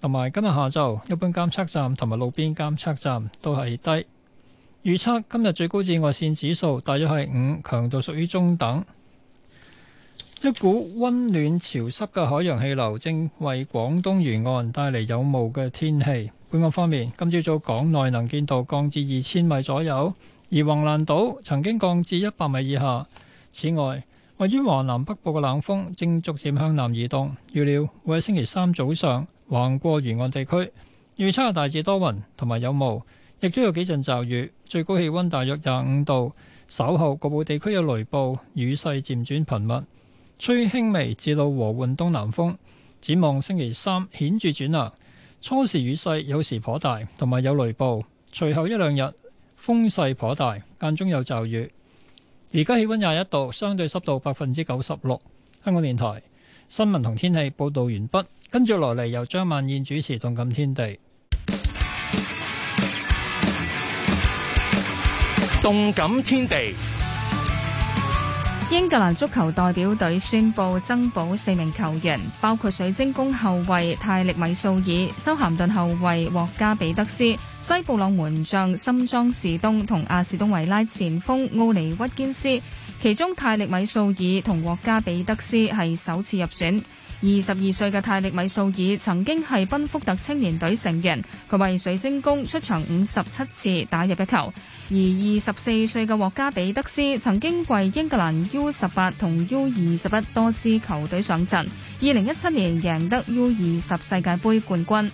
同埋今日下晝，一般監測站同埋路邊監測站都係低。預測今日最高紫外線指數大約係五，強度屬於中等。一股溫暖潮濕嘅海洋氣流正為廣東沿岸帶嚟有霧嘅天氣。本港方面，今朝早港內能見度降至二千米左右，而橫瀾島曾經降至一百米以下。此外，位於華南北部嘅冷鋒正逐漸向南移動，預料會喺星期三早上橫過沿岸地區。預測大致多雲同埋有霧，亦都有幾陣驟雨，最高氣温大約廿五度。稍後局部地區有雷暴，雨勢漸轉頻密，吹輕微至到和緩東南風。展望星期三顯著轉涼，啊，初時雨勢有時頗大，同埋有雷暴。隨後一兩日風勢頗大，間中有驟雨。而家氣温廿一度，相對濕度百分之九十六。香港電台新聞同天氣報導完畢，跟住落嚟由張萬燕主持《動感天地》。動感天地。英格蘭足球代表隊宣布增補四名球員，包括水晶宮後衛泰力米素爾、修咸頓後衛獲加比德斯、西布朗門將森莊士東同阿士東維拉前鋒奧尼屈堅斯，其中泰力米素爾同獲加比德斯係首次入選。二十二歲嘅泰力米素爾曾經係賓福特青年隊成員，佢為水晶宮出場五十七次，打入一球。而二十四歲嘅獲加比德斯曾經為英格蘭 U 十八同 U 二十一多支球隊上陣，二零一七年贏得 U 二十世界盃冠軍。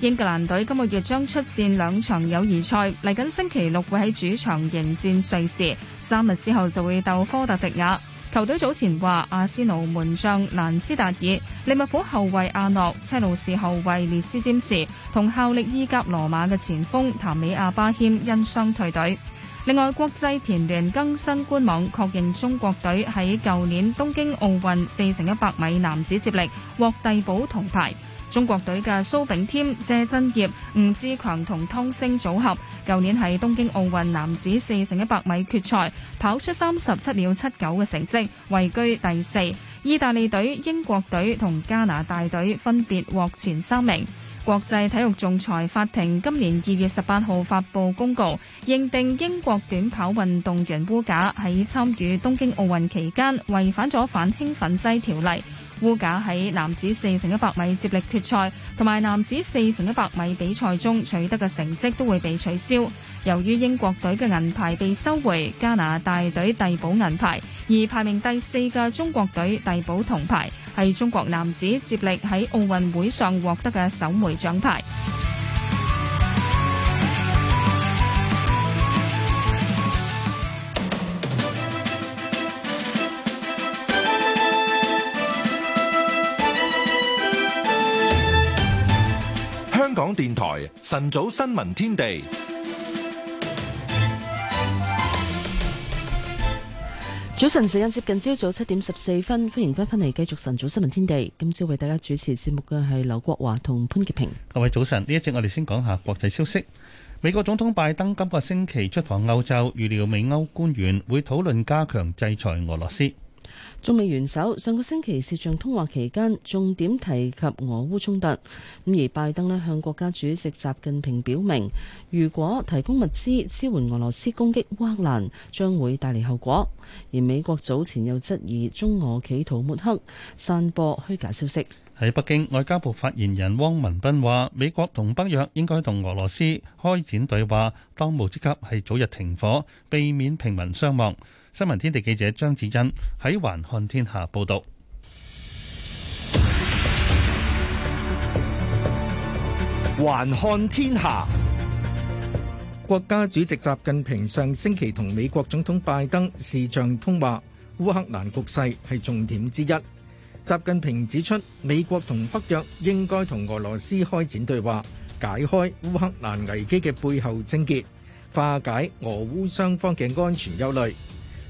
英格蘭隊今個月將出戰兩場友誼賽，嚟緊星期六會喺主場迎戰瑞士，三日之後就會鬥科特迪瓦。球隊早前話，阿仙奴門將蘭斯達爾、利物浦後衛阿諾、車路士後衛列斯詹士同效力意甲羅馬嘅前鋒譚美亞巴謙因傷退隊。另外，國際田聯更新官網，確認中國隊喺舊年東京奧運四乘一百米男子接力獲遞補銅牌。中國隊嘅蘇炳添、謝震業、吳智強同湯星組合，舊年喺東京奧運男子四乘一百米決賽跑出三十七秒七九嘅成績，位居第四。意大利隊、英國隊同加拿大隊分別獲前三名。國際體育仲裁法庭今年二月十八號發布公告，認定英國短跑運動員烏賈喺參與東京奧運期間違反咗反興奮劑條例。烏賈喺男子四乘一百米接力決賽同埋男子四乘一百米比賽中取得嘅成績都會被取消。由於英國隊嘅銀牌被收回，加拿大隊遞補銀牌，而排名第四嘅中國隊遞補銅牌，係中國男子接力喺奧運會上獲得嘅首枚獎牌。港電台晨早新聞天地，早晨，時間接近朝早七點十四分，歡迎翻返嚟繼續晨早新聞天地。今朝為大家主持節目嘅係劉國華同潘潔平。各位早晨，呢一節我哋先講下國際消息。美國總統拜登今個星期出訪歐洲，預料美歐官員會討論加強制裁俄羅斯。中美元首上個星期視像通話期間，重點提及俄烏衝突。咁而拜登咧向國家主席習近平表明，如果提供物資支援俄羅斯攻擊烏克蘭，將會帶嚟後果。而美國早前又質疑中俄企圖抹黑、散播虛假消息。喺北京，外交部發言人汪文斌話，美國同北約應該同俄羅斯開展對話，當務之急係早日停火，避免平民傷亡。新聞天地記者張子欣喺《環看天下》報道，《環看天下》。國家主席習近平上星期同美國總統拜登視像通話，烏克蘭局勢係重點之一。習近平指出，美國同北約應該同俄羅斯開展對話，解開烏克蘭危機嘅背後症結，化解俄烏雙方嘅安全憂慮。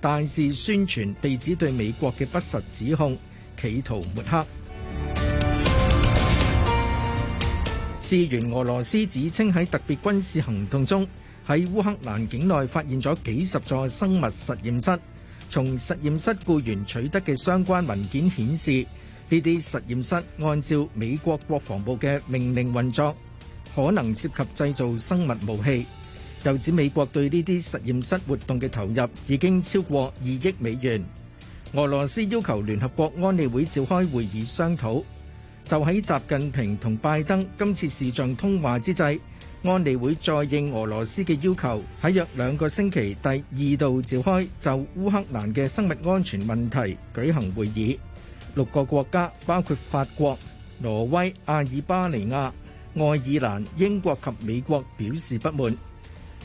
大肆宣傳、被指對美國嘅不實指控，企圖抹黑。事源 俄羅斯指稱喺特別軍事行動中，喺烏克蘭境內發現咗幾十座生物實驗室。從實驗室雇員取得嘅相關文件顯示，呢啲實驗室按照美國國防部嘅命令運作，可能涉及製造生物武器。又指美國對呢啲實驗室活動嘅投入已經超過二億美元。俄羅斯要求聯合國安理會召開會議商討。就喺習近平同拜登今次視像通話之際，安理會再應俄羅斯嘅要求，喺約兩個星期第二度召開就烏克蘭嘅生物安全問題舉行會議。六個國家包括法國、挪威、阿爾巴尼亞、愛爾蘭、英國及美國表示不滿。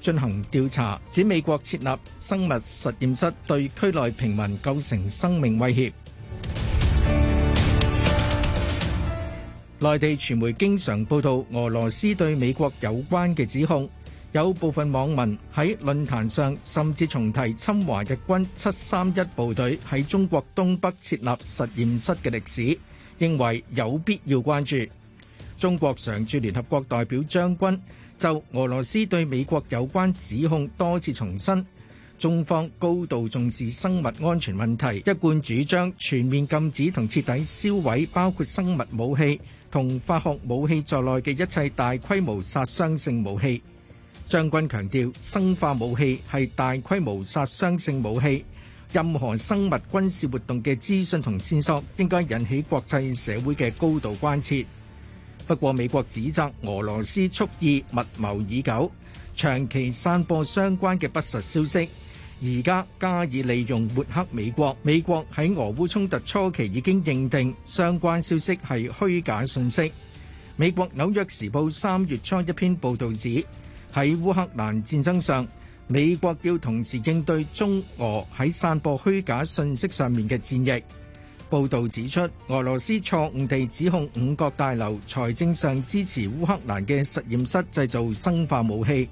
進行調查，指美國設立生物實驗室對區內平民構成生命威脅。內地傳媒經常報道俄羅斯對美國有關嘅指控，有部分網民喺論壇上甚至重提侵華日軍七三一部隊喺中國東北設立實驗室嘅歷史，認為有必要關注。中國常駐聯合國代表張軍。就俄羅斯對美國有關指控多次重申，中方高度重視生物安全問題，一貫主張全面禁止同徹底銷毀包括生物武器同化學武器在內嘅一切大規模殺傷性武器。張軍強調，生化武器係大規模殺傷性武器，任何生物軍事活動嘅資訊同線索應該引起國際社會嘅高度關切。不過，美國指責俄羅斯蓄意密謀已久，長期散播相關嘅不實消息，而家加以利用抹黑美國。美國喺俄烏衝突初期已經認定相關消息係虛假信息。美國《紐約時報》三月初一篇報導指，喺烏克蘭戰爭上，美國要同時應對中俄喺散播虛假信息上面嘅戰役。報道指出，俄羅斯錯誤地指控五角大樓財政上支持烏克蘭嘅實驗室製造生化武器，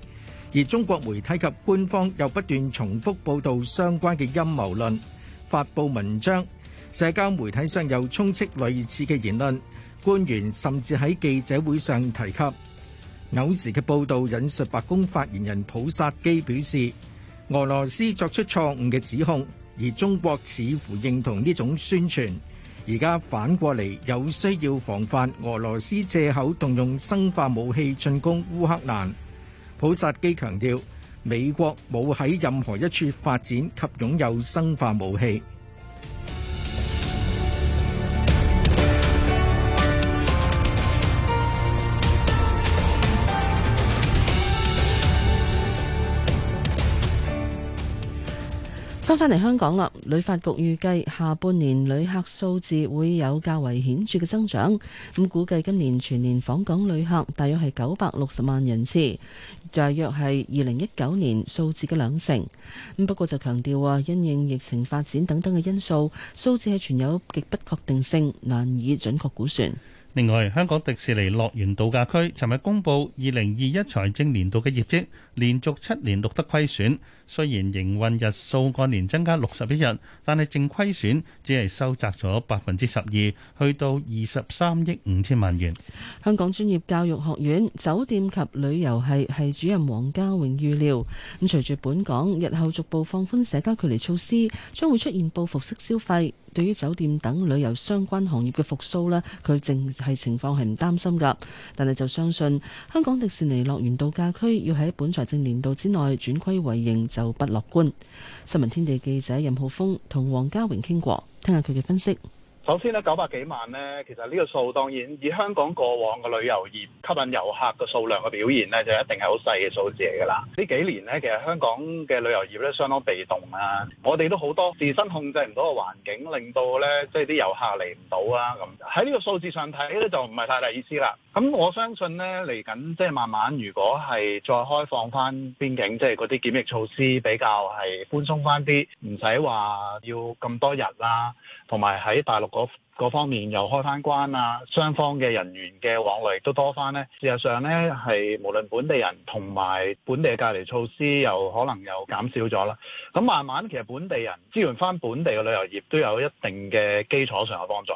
而中國媒體及官方又不斷重複報道相關嘅陰謀論，發布文章，社交媒體上又充斥類似嘅言論，官員甚至喺記者會上提及。偶時嘅報道引述白宮發言人普薩基表示，俄羅斯作出錯誤嘅指控。而中國似乎認同呢種宣傳，而家反過嚟有需要防範俄羅斯借口動用生化武器進攻烏克蘭。普薩基強調，美國冇喺任何一處發展及擁有生化武器。翻返嚟香港啦，旅發局預計下半年旅客數字會有較為顯著嘅增長，咁估計今年全年訪港旅客大約係九百六十萬人次，大約係二零一九年數字嘅兩成。咁不過就強調話因應疫情發展等等嘅因素，數字係存有極不確定性，難以準確估算。另外，香港迪士尼樂園度假區尋日公佈二零二一財政年度嘅業績連續七年錄得虧損。雖然營運日數按年增加六十一日，但係淨虧損只係收窄咗百分之十二，去到二十三億五千萬元。香港專業教育學院酒店及旅遊系系主任王家榮預料，咁隨住本港日後逐步放寬社交距離措施，將會出現報復式消費。對於酒店等旅遊相關行業嘅復甦咧，佢淨係情況係唔擔心㗎，但係就相信香港迪士尼樂園度假區要喺本財政年度之內轉虧為盈。就不樂觀。新聞天地記者任浩峰同黃家榮傾過，聽下佢嘅分析。首先咧，九百幾萬呢，其實呢個數當然以香港過往嘅旅遊業吸引遊客嘅數量嘅表現呢，就一定係好細嘅數字嚟噶啦。呢幾年呢，其實香港嘅旅遊業咧相當被動啊。我哋都好多自身控制唔到嘅環境，令到呢即係啲遊客嚟唔到啊。咁喺呢個數字上睇呢，就唔係太大意思啦。咁我相信呢，嚟緊即係慢慢，如果係再開放翻邊境，即係嗰啲檢疫措施比較係寬鬆翻啲，唔使話要咁多日啦，啊，同埋喺大陸嗰。各方面又開翻關啊，雙方嘅人員嘅往來亦都多翻呢。事實上呢，係無論本地人同埋本地嘅隔離措施，又可能又減少咗啦。咁慢慢，其實本地人支援翻本地嘅旅遊業都有一定嘅基礎上有幫助。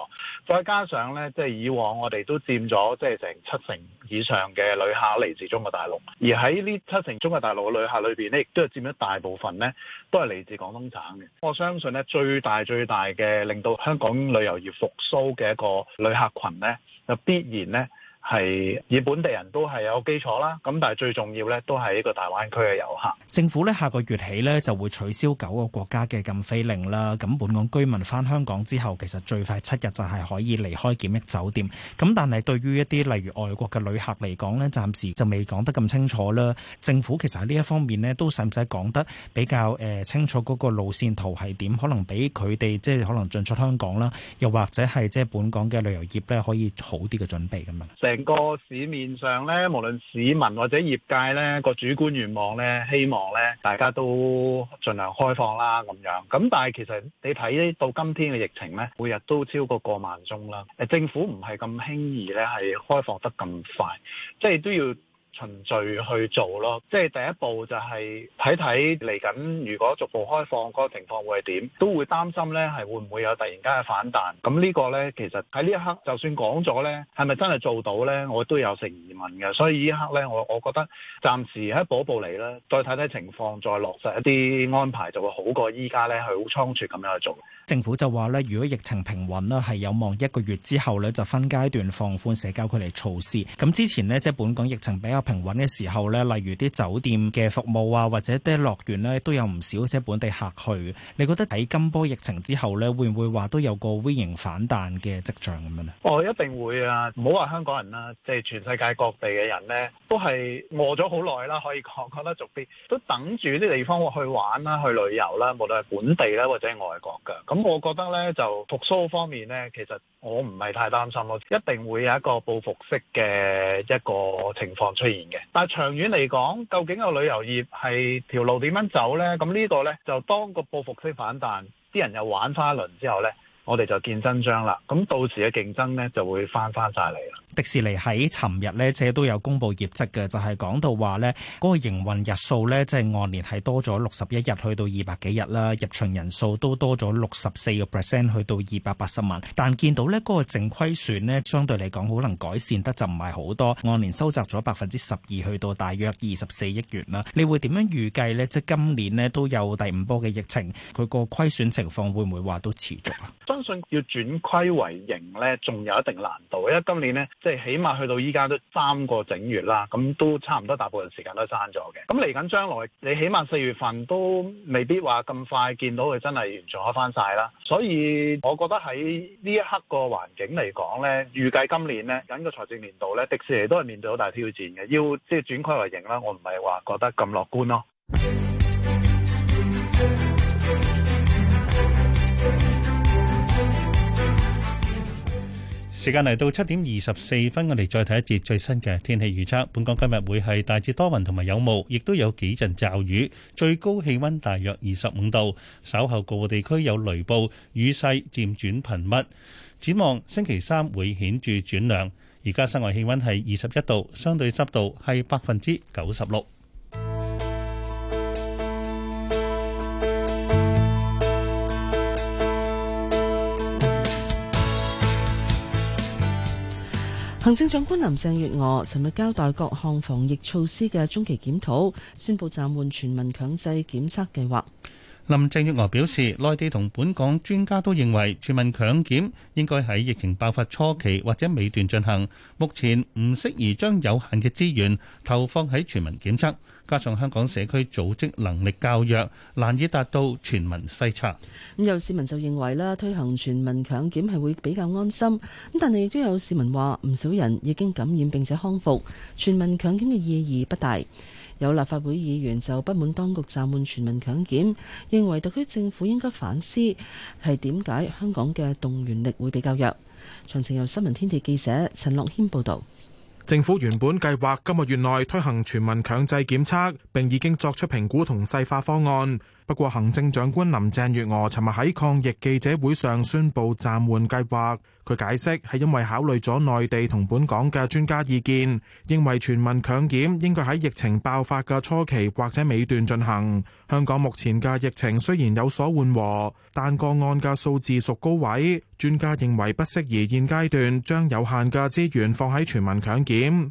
再加上呢，即係以往我哋都佔咗即係成七成，以上嘅旅客嚟自中國大陸，而喺呢七成中國大陸嘅旅客裏邊，咧亦都係佔咗大部分咧，都係嚟自廣東省嘅。我相信咧，最大最大嘅令到香港旅遊業復甦嘅一個旅客群咧，就必然咧。係以本地人都係有基礎啦，咁但係最重要呢，都係一個大灣區嘅遊客。政府呢，下個月起呢，就會取消九個國家嘅禁飛令啦。咁本港居民返香港之後，其實最快七日就係可以離開檢疫酒店。咁但係對於一啲例如外國嘅旅客嚟講，呢暫時就未講得咁清楚啦。政府其實喺呢一方面呢，都使唔使講得比較誒清楚嗰個路線圖係點？可能畀佢哋即係可能進出香港啦，又或者係即係本港嘅旅遊業呢，可以好啲嘅準備咁啊？整個市面上呢，無論市民或者業界呢個主觀願望呢，希望呢大家都儘量開放啦咁樣。咁但係其實你睇到今天嘅疫情呢，每日都超過過萬宗啦。政府唔係咁輕易呢係開放得咁快，即係都要。循序去做咯，即係第一步就係睇睇嚟緊，看看如果逐步開放嗰個情況會係點，都會擔心呢係會唔會有突然間嘅反彈。咁呢個呢，其實喺呢一刻就算講咗呢，係咪真係做到呢？我都有成疑問嘅。所以依刻呢，我我覺得暫時喺一步一步嚟呢，再睇睇情況，再落實一啲安排就會好過依家呢，係好倉促咁樣去做。政府就話咧，如果疫情平穩咧，係有望一個月之後咧就分階段放寬社交距離措施。咁之前咧，即係本港疫情比較平穩嘅時候咧，例如啲酒店嘅服務啊，或者啲樂園咧都有唔少即本地客去。你覺得喺今波疫情之後咧，會唔會話都有個 V 型反彈嘅跡象咁樣咧？我一定會啊！唔好話香港人啦，即係全世界各地嘅人咧，都係餓咗好耐啦，可以講，講得俗啲都等住啲地方去玩啦、去旅遊啦，無論係本地啦或者外國嘅。咁我覺得呢，就復蘇方面呢，其實我唔係太擔心咯，一定會有一個報復式嘅一個情況出現嘅。但係長遠嚟講，究竟個旅遊業係條路點樣走呢？咁呢個呢，就當個報復式反彈，啲人又玩翻一輪之後呢，我哋就見真章啦。咁到時嘅競爭呢，就會翻翻晒嚟啦。迪士尼喺尋日呢，即都有公布業績嘅，就係講到話呢，嗰個營運日數呢，即係按年係多咗六十一日，去到二百幾日啦。入場人數都多咗六十四個 percent，去到二百八十萬。但見到呢，嗰個淨虧損呢，相對嚟講可能改善得就唔係好多，按年收窄咗百分之十二，去到大約二十四億元啦。你會點樣預計呢？即係今年呢，都有第五波嘅疫情，佢個虧損情況會唔會話都持續啊？相信要轉虧為盈呢，仲有一定難度，因為今年呢。即係起碼去到依家都三個整月啦，咁都差唔多大部分時間都閂咗嘅。咁嚟緊將來，你起碼四月份都未必話咁快見到佢真係完全開翻晒啦。所以我覺得喺呢一刻個環境嚟講呢，預計今年呢咁個財政年度呢，迪士尼都係面對好大挑戰嘅，要即係轉虧為盈啦。我唔係話覺得咁樂觀咯。時間嚟到七點二十四分，我哋再睇一節最新嘅天氣預測。本港今日會係大致多雲同埋有霧，亦都有幾陣驟雨，最高氣温大約二十五度。稍後各個地區有雷暴，雨勢漸轉頻密。展望星期三會顯著轉涼。而家室外氣温係二十一度，相對濕度係百分之九十六。行政長官林鄭月娥尋日交代各項防疫措施嘅中期檢討，宣布暫緩全民強制檢測計劃。林鄭月娥表示，內地同本港專家都認為，全民強檢應該喺疫情爆發初期或者尾段進行，目前唔適宜將有限嘅資源投放喺全民檢測。加上香港社區組織能力較弱，難以達到全民篩查。咁有市民就認為啦，推行全民強檢係會比較安心。咁但係亦都有市民話，唔少人已經感染並且康復，全民強檢嘅意義不大。有立法會議員就不滿當局暫緩全民強檢，認為特區政府應該反思係點解香港嘅動員力會比較弱。詳情由新聞天地記者陳樂軒報導。政府原本計劃今個月內推行全民強制檢測，並已經作出評估同細化方案。不過，行政長官林鄭月娥尋日喺抗疫記者會上宣布暫緩計劃。佢解釋係因為考慮咗內地同本港嘅專家意見，認為全民強檢應該喺疫情爆發嘅初期或者尾段進行。香港目前嘅疫情雖然有所緩和，但個案嘅數字屬高位。專家認為不適宜現階段將有限嘅資源放喺全民強檢。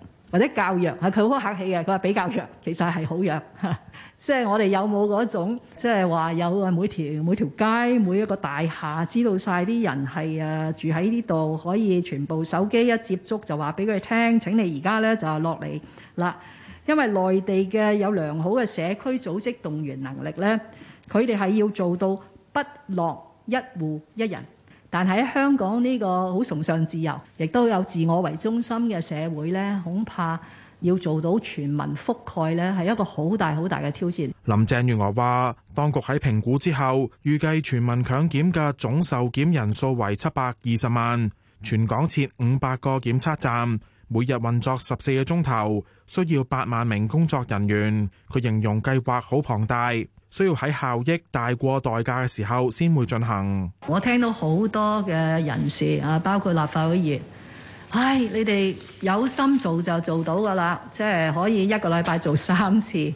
或者較弱，係佢好客氣嘅。佢話比較弱，其實係好弱。 即係我哋有冇嗰種，即係話有啊，每條每條街，每一個大廈，知道晒啲人係啊住喺呢度，可以全部手機一接觸就話俾佢聽。請你而家咧就落嚟嗱，因為內地嘅有良好嘅社區組織動員能力咧，佢哋係要做到不落一戶一人。但喺香港呢個好崇尚自由，亦都有自我為中心嘅社會咧，恐怕要做到全民覆蓋咧，係一個好大好大嘅挑戰。林鄭月娥話，當局喺評估之後，預計全民強檢嘅總受檢人數為七百二十萬，全港設五百個檢測站，每日運作十四個鐘頭，需要八萬名工作人員。佢形容計劃好龐大。需要喺效益大過代價嘅時候先會進行。我聽到好多嘅人士啊，包括立法會議員，唉，你哋有心做就做到噶啦，即係可以一個禮拜做三次。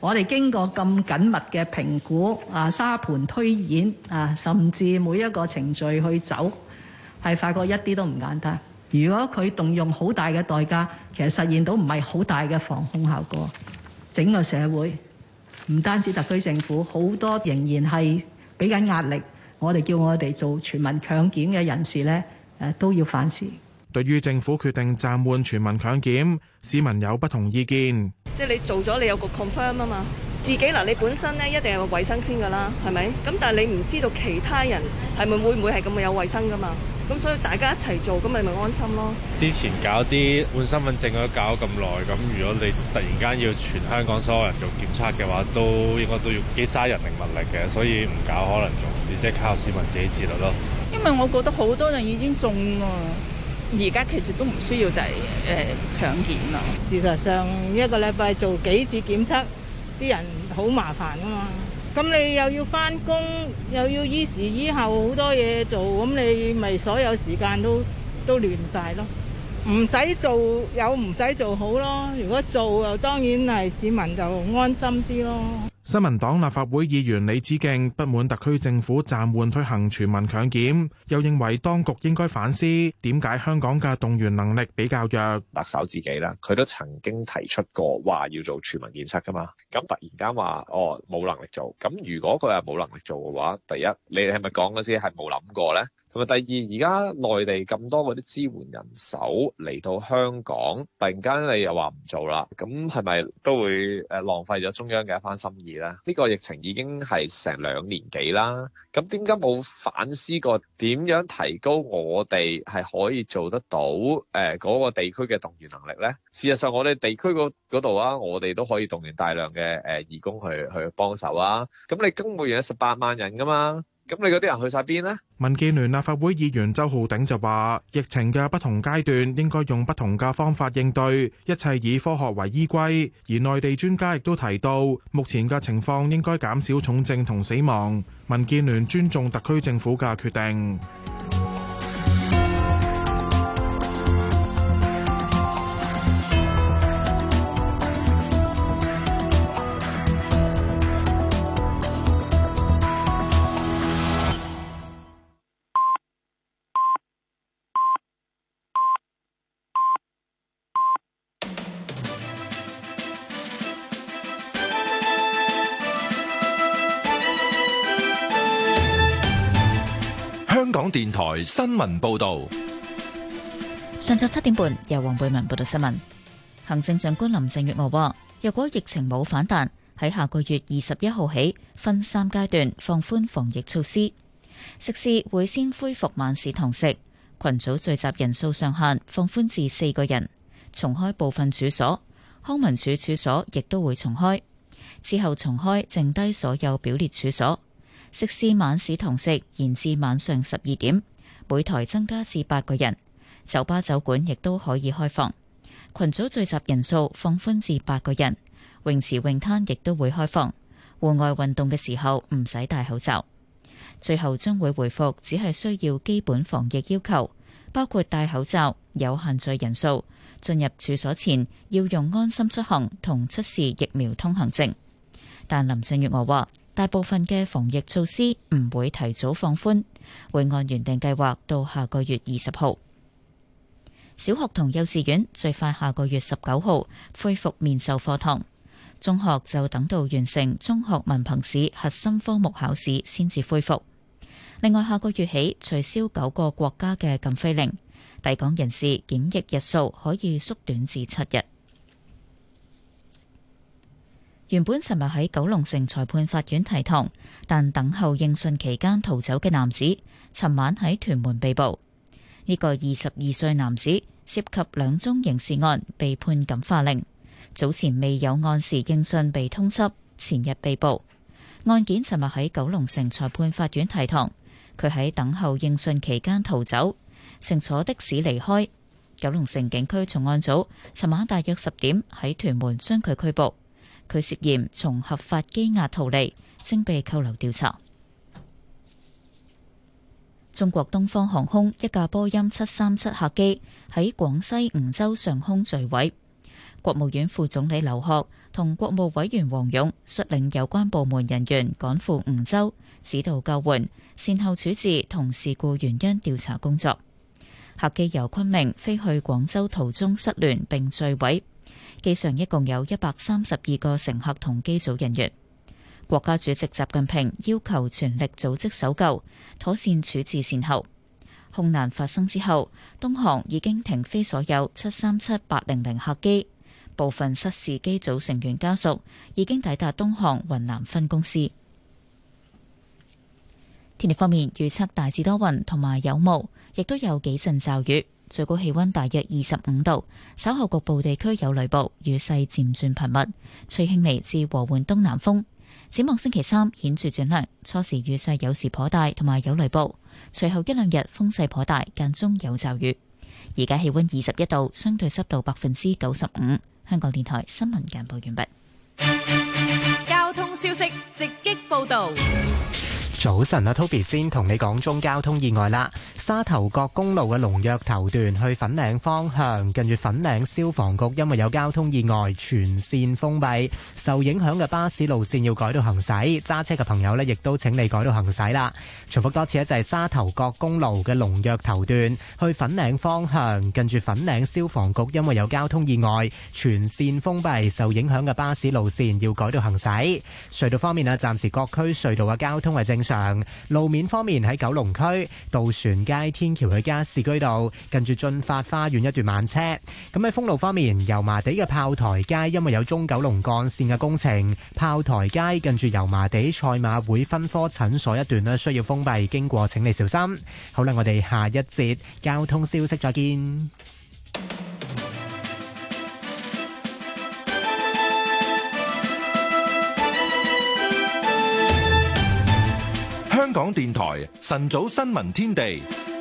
我哋經過咁緊密嘅評估啊、沙盤推演啊，甚至每一個程序去走，係發覺一啲都唔簡單。如果佢動用好大嘅代價，其實實現到唔係好大嘅防控效果，整個社會。唔單止特區政府，好多仍然係俾緊壓力，我哋叫我哋做全民強檢嘅人士咧，誒都要反思。對於政府決定暫緩全民強檢，市民有不同意見。即係你做咗，你有個 confirm 啊嘛。自己嗱，你本身咧一定有個衛生先噶啦，係咪？咁但係你唔知道其他人係咪會唔會係咁有衛生噶嘛？咁所以大家一齊做咁咪咪安心咯。之前搞啲換身份證都搞咁耐，咁如果你突然間要全香港所有人做檢測嘅話，都應該都要幾嘥人力物力嘅，所以唔搞可能仲好啲，即係靠市民自己自律咯。因為我覺得好多人已經中啦，而家其實都唔需要就係誒強檢啦。呃，事實上一個禮拜做幾次檢測。啲人好麻煩吖嘛，咁你又要返工，又要依時依候好多嘢做，咁你咪所有時間都都亂晒咯。唔使做有唔使做好咯，如果做又當然係市民就安心啲咯。新民黨立法會議員李子敬，不滿特區政府暫緩推行全民強檢，又認為當局應該反思點解香港嘅動員能力比較弱。特首自己啦，佢都曾經提出過話要做全民檢測噶嘛，咁突然間話哦，冇能力做，咁如果佢係冇能力做嘅話，第一你哋係咪講嗰時係冇諗過呢？同埋第二，而家內地咁多嗰啲支援人手嚟到香港，突然間你又話唔做啦，咁係咪都會誒浪費咗中央嘅一番心意咧？呢個疫情已經係成兩年幾啦，咁點解冇反思過點樣提高我哋係可以做得到誒嗰個地區嘅動員能力咧？事實上我，我哋地區嗰度啊，我哋都可以動員大量嘅誒義工去去幫手啊。咁你公務員有十八萬人噶嘛？咁你嗰啲人去晒邊呢？民建聯立法會議員周浩鼎就話：疫情嘅不同階段應該用不同嘅方法應對，一切以科學為依歸。而內地專家亦都提到，目前嘅情況應該減少重症同死亡。民建聯尊重特區政府嘅決定。電台新聞報道，上晝七點半，由黃貝文報道新聞。行政長官林鄭月娥話，若果疫情冇反彈，喺下個月二十一號起，分三階段放寬防疫措施。食肆會先恢復晚市堂食，群組聚集人數上限放寬至四個人，重開部分處所，康文署處所亦都會重開，之後重開剩低所有表列處所。食肆晚市堂食延至晚上十二點，每枱增加至八個人。酒吧酒館亦都可以開放，群組聚集人數放寬至八個人。泳池泳灘亦都會開放，戶外運動嘅時候唔使戴口罩。最後將會回復，只係需要基本防疫要求，包括戴口罩、有限聚人數、進入處所前要用安心出行同出示疫苗通行證。但林鄭月娥話，大部分嘅防疫措施唔會提早放寬，會按原定計劃到下個月二十號。小學同幼稚園最快下個月十九號恢復面授課堂，中學就等到完成中學文憑試核心科目考試先至恢復。另外，下個月起取消九個國家嘅禁飛令，抵港人士檢疫日數可以縮短至七日。原本尋日喺九龍城裁判法院提堂，但等候應訊期間逃走嘅男子，尋晚喺屯門被捕。呢個二十二歲男子涉及兩宗刑事案，被判感化令。早前未有按時應訊，被通緝，前日被捕。案件尋日喺九龍城裁判法院提堂，佢喺等候應訊期間逃走，乘坐的士離開。九龍城警區重案組尋晚大約十點喺屯門將佢拘捕。佢涉嫌從合法羈押逃離，正被扣留調查。中國東方航空一架波音七三七客機喺廣西梧州上空墜毀。國務院副總理劉鶴同國務委員王勇率領有關部門人員趕赴梧州指導救援、善後處置同事故原因調查工作。客機由昆明飛去廣州途中失聯並墜毀。機上一共有一百三十二個乘客同機組人員。國家主席習近平要求全力組織搜救，妥善處置善後。空難發生之後，東航已經停飛所有七三七八零零客機，部分失事機組成員家屬已經抵達東航雲南分公司。天氣方面，預測大致多雲同埋有霧，亦都有幾陣驟雨。最高氣溫大約二十五度，稍後局部地區有雷暴，雨勢漸轉頻密，吹輕微至和緩東南風。展望星期三顯著轉涼，初時雨勢有時頗大，同埋有雷暴。隨後一兩日風勢頗大，間中有驟雨。而家氣溫二十一度，相對濕度百分之九十五。香港電台新聞簡報完畢。交通消息直擊報道。早晨啊，Toby 先同你講中交通意外啦。沙頭角公路嘅龍躍頭段去粉嶺方向，近住粉嶺消防局，因為有交通意外，全綫封閉。受影響嘅巴士路綫要改道行駛，揸車嘅朋友咧，亦都請你改道行駛啦。重複多次咧，就係沙頭角公路嘅龍躍頭段去粉嶺方向，近住粉嶺消防局，因為有交通意外，全綫封閉。受影響嘅巴士路綫要改道行駛。隧道方面啊，暫時各區隧道嘅交通係正常。上路面方面，喺九龍區渡船街天橋嘅加士居道，近住駿發花園一段慢車。咁喺封路方面，油麻地嘅炮台街因為有中九龍幹線嘅工程，炮台街近住油麻地賽馬會分科診所一段咧，需要封閉，經過請你小心。好啦，我哋下一節交通消息再見。香港電台晨早新聞天地。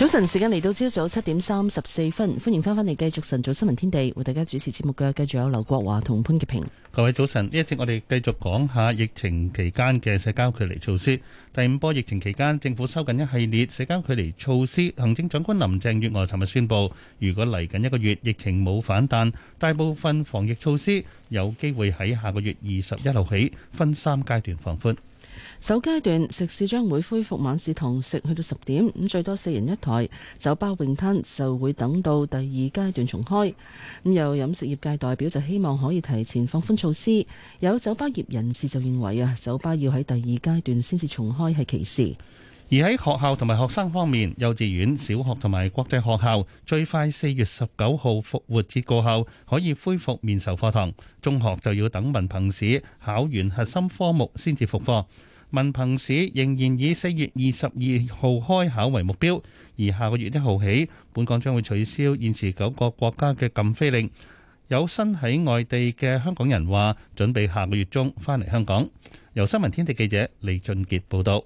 早晨時間嚟到朝早七點三十四分，歡迎翻返嚟繼續晨早新聞天地，為大家主持節目嘅繼續有劉國華同潘潔平。各位早晨，呢一節我哋繼續講下疫情期間嘅社交距離措施。第五波疫情期間，政府收緊一系列社交距離措施。行政長官林鄭月娥尋日宣布，如果嚟緊一個月疫情冇反彈，大部分防疫措施有機會喺下個月二十一號起分三階段放寬。首階段食肆將會恢復晚市堂食，去到十點，咁最多四人一台。酒吧泳灘就會等到第二階段重開。咁有飲食業界代表就希望可以提前放寬措施。有酒吧業人士就認為啊，酒吧要喺第二階段先至重開係歧視。而喺學校同埋學生方面，幼稚園、小學同埋國際學校最快四月十九號復活節過後可以恢復面授課堂，中學就要等文憑試考完核心科目先至復課。文憑市仍然以四月二十二號開考為目標。而下個月一號起，本港將會取消現時九個國家嘅禁飛令。有身喺外地嘅香港人話準備下個月中翻嚟香港。由新聞天地記者李俊杰報道。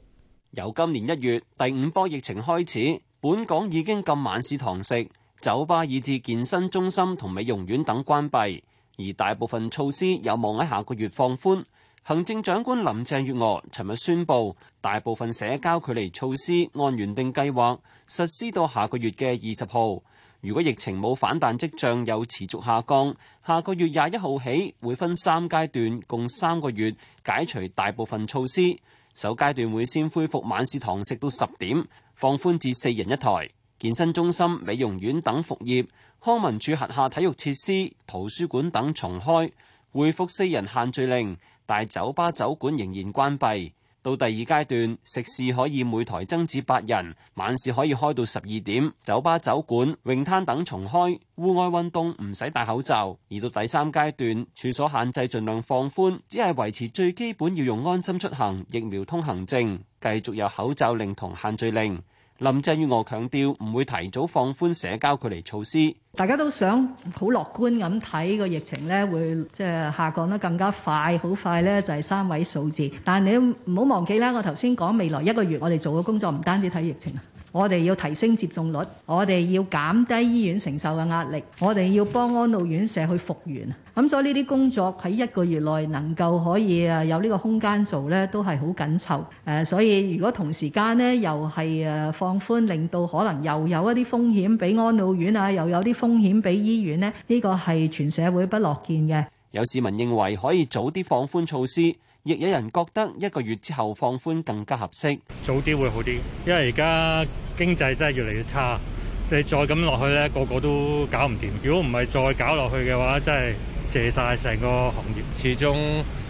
由今年一月第五波疫情開始，本港已經禁晚市堂食、酒吧，以至健身中心同美容院等關閉，而大部分措施有望喺下個月放寬。行政長官林鄭月娥尋日宣布，大部分社交距離措施按原定計劃實施到下個月嘅二十號。如果疫情冇反彈跡象又持續下降，下個月廿一號起會分三階段，共三個月解除大部分措施。首階段會先恢復晚市堂食到十點，放寬至四人一台；健身中心、美容院等服務業、康文署轄下體育設施、圖書館等重開，恢復四人限聚令。但酒吧酒館仍然關閉，到第二階段食肆可以每台增至八人，晚市可以開到十二點，酒吧酒館、泳灘等重開，戶外運動唔使戴口罩。而到第三階段，處所限制盡量放寬，只係維持最基本要用安心出行疫苗通行證，繼續有口罩令同限聚令。林鄭月娥強調唔會提早放寬社交距離措施。大家都想好樂觀咁睇個疫情咧，會即係下降得更加快，好快咧就係三位數字。但係你唔好忘記啦，我頭先講未來一個月我哋做嘅工作，唔單止睇疫情啊。我哋要提升接種率，我哋要減低醫院承受嘅壓力，我哋要幫安老院舍去復原。咁所以呢啲工作喺一個月內能夠可以誒有呢個空間做呢，都係好緊湊。誒，所以如果同時間呢，又係誒放寬，令到可能又有一啲風險俾安老院啊，又有啲風險俾醫院呢，呢、呢個係全社會不樂見嘅。有市民認為可以早啲放寬措施。亦有人覺得一個月之後放寬更加合適，早啲會好啲，因為而家經濟真係越嚟越差，即係再咁落去咧，個個都搞唔掂。如果唔係再搞落去嘅話，真係謝晒成個行業，始終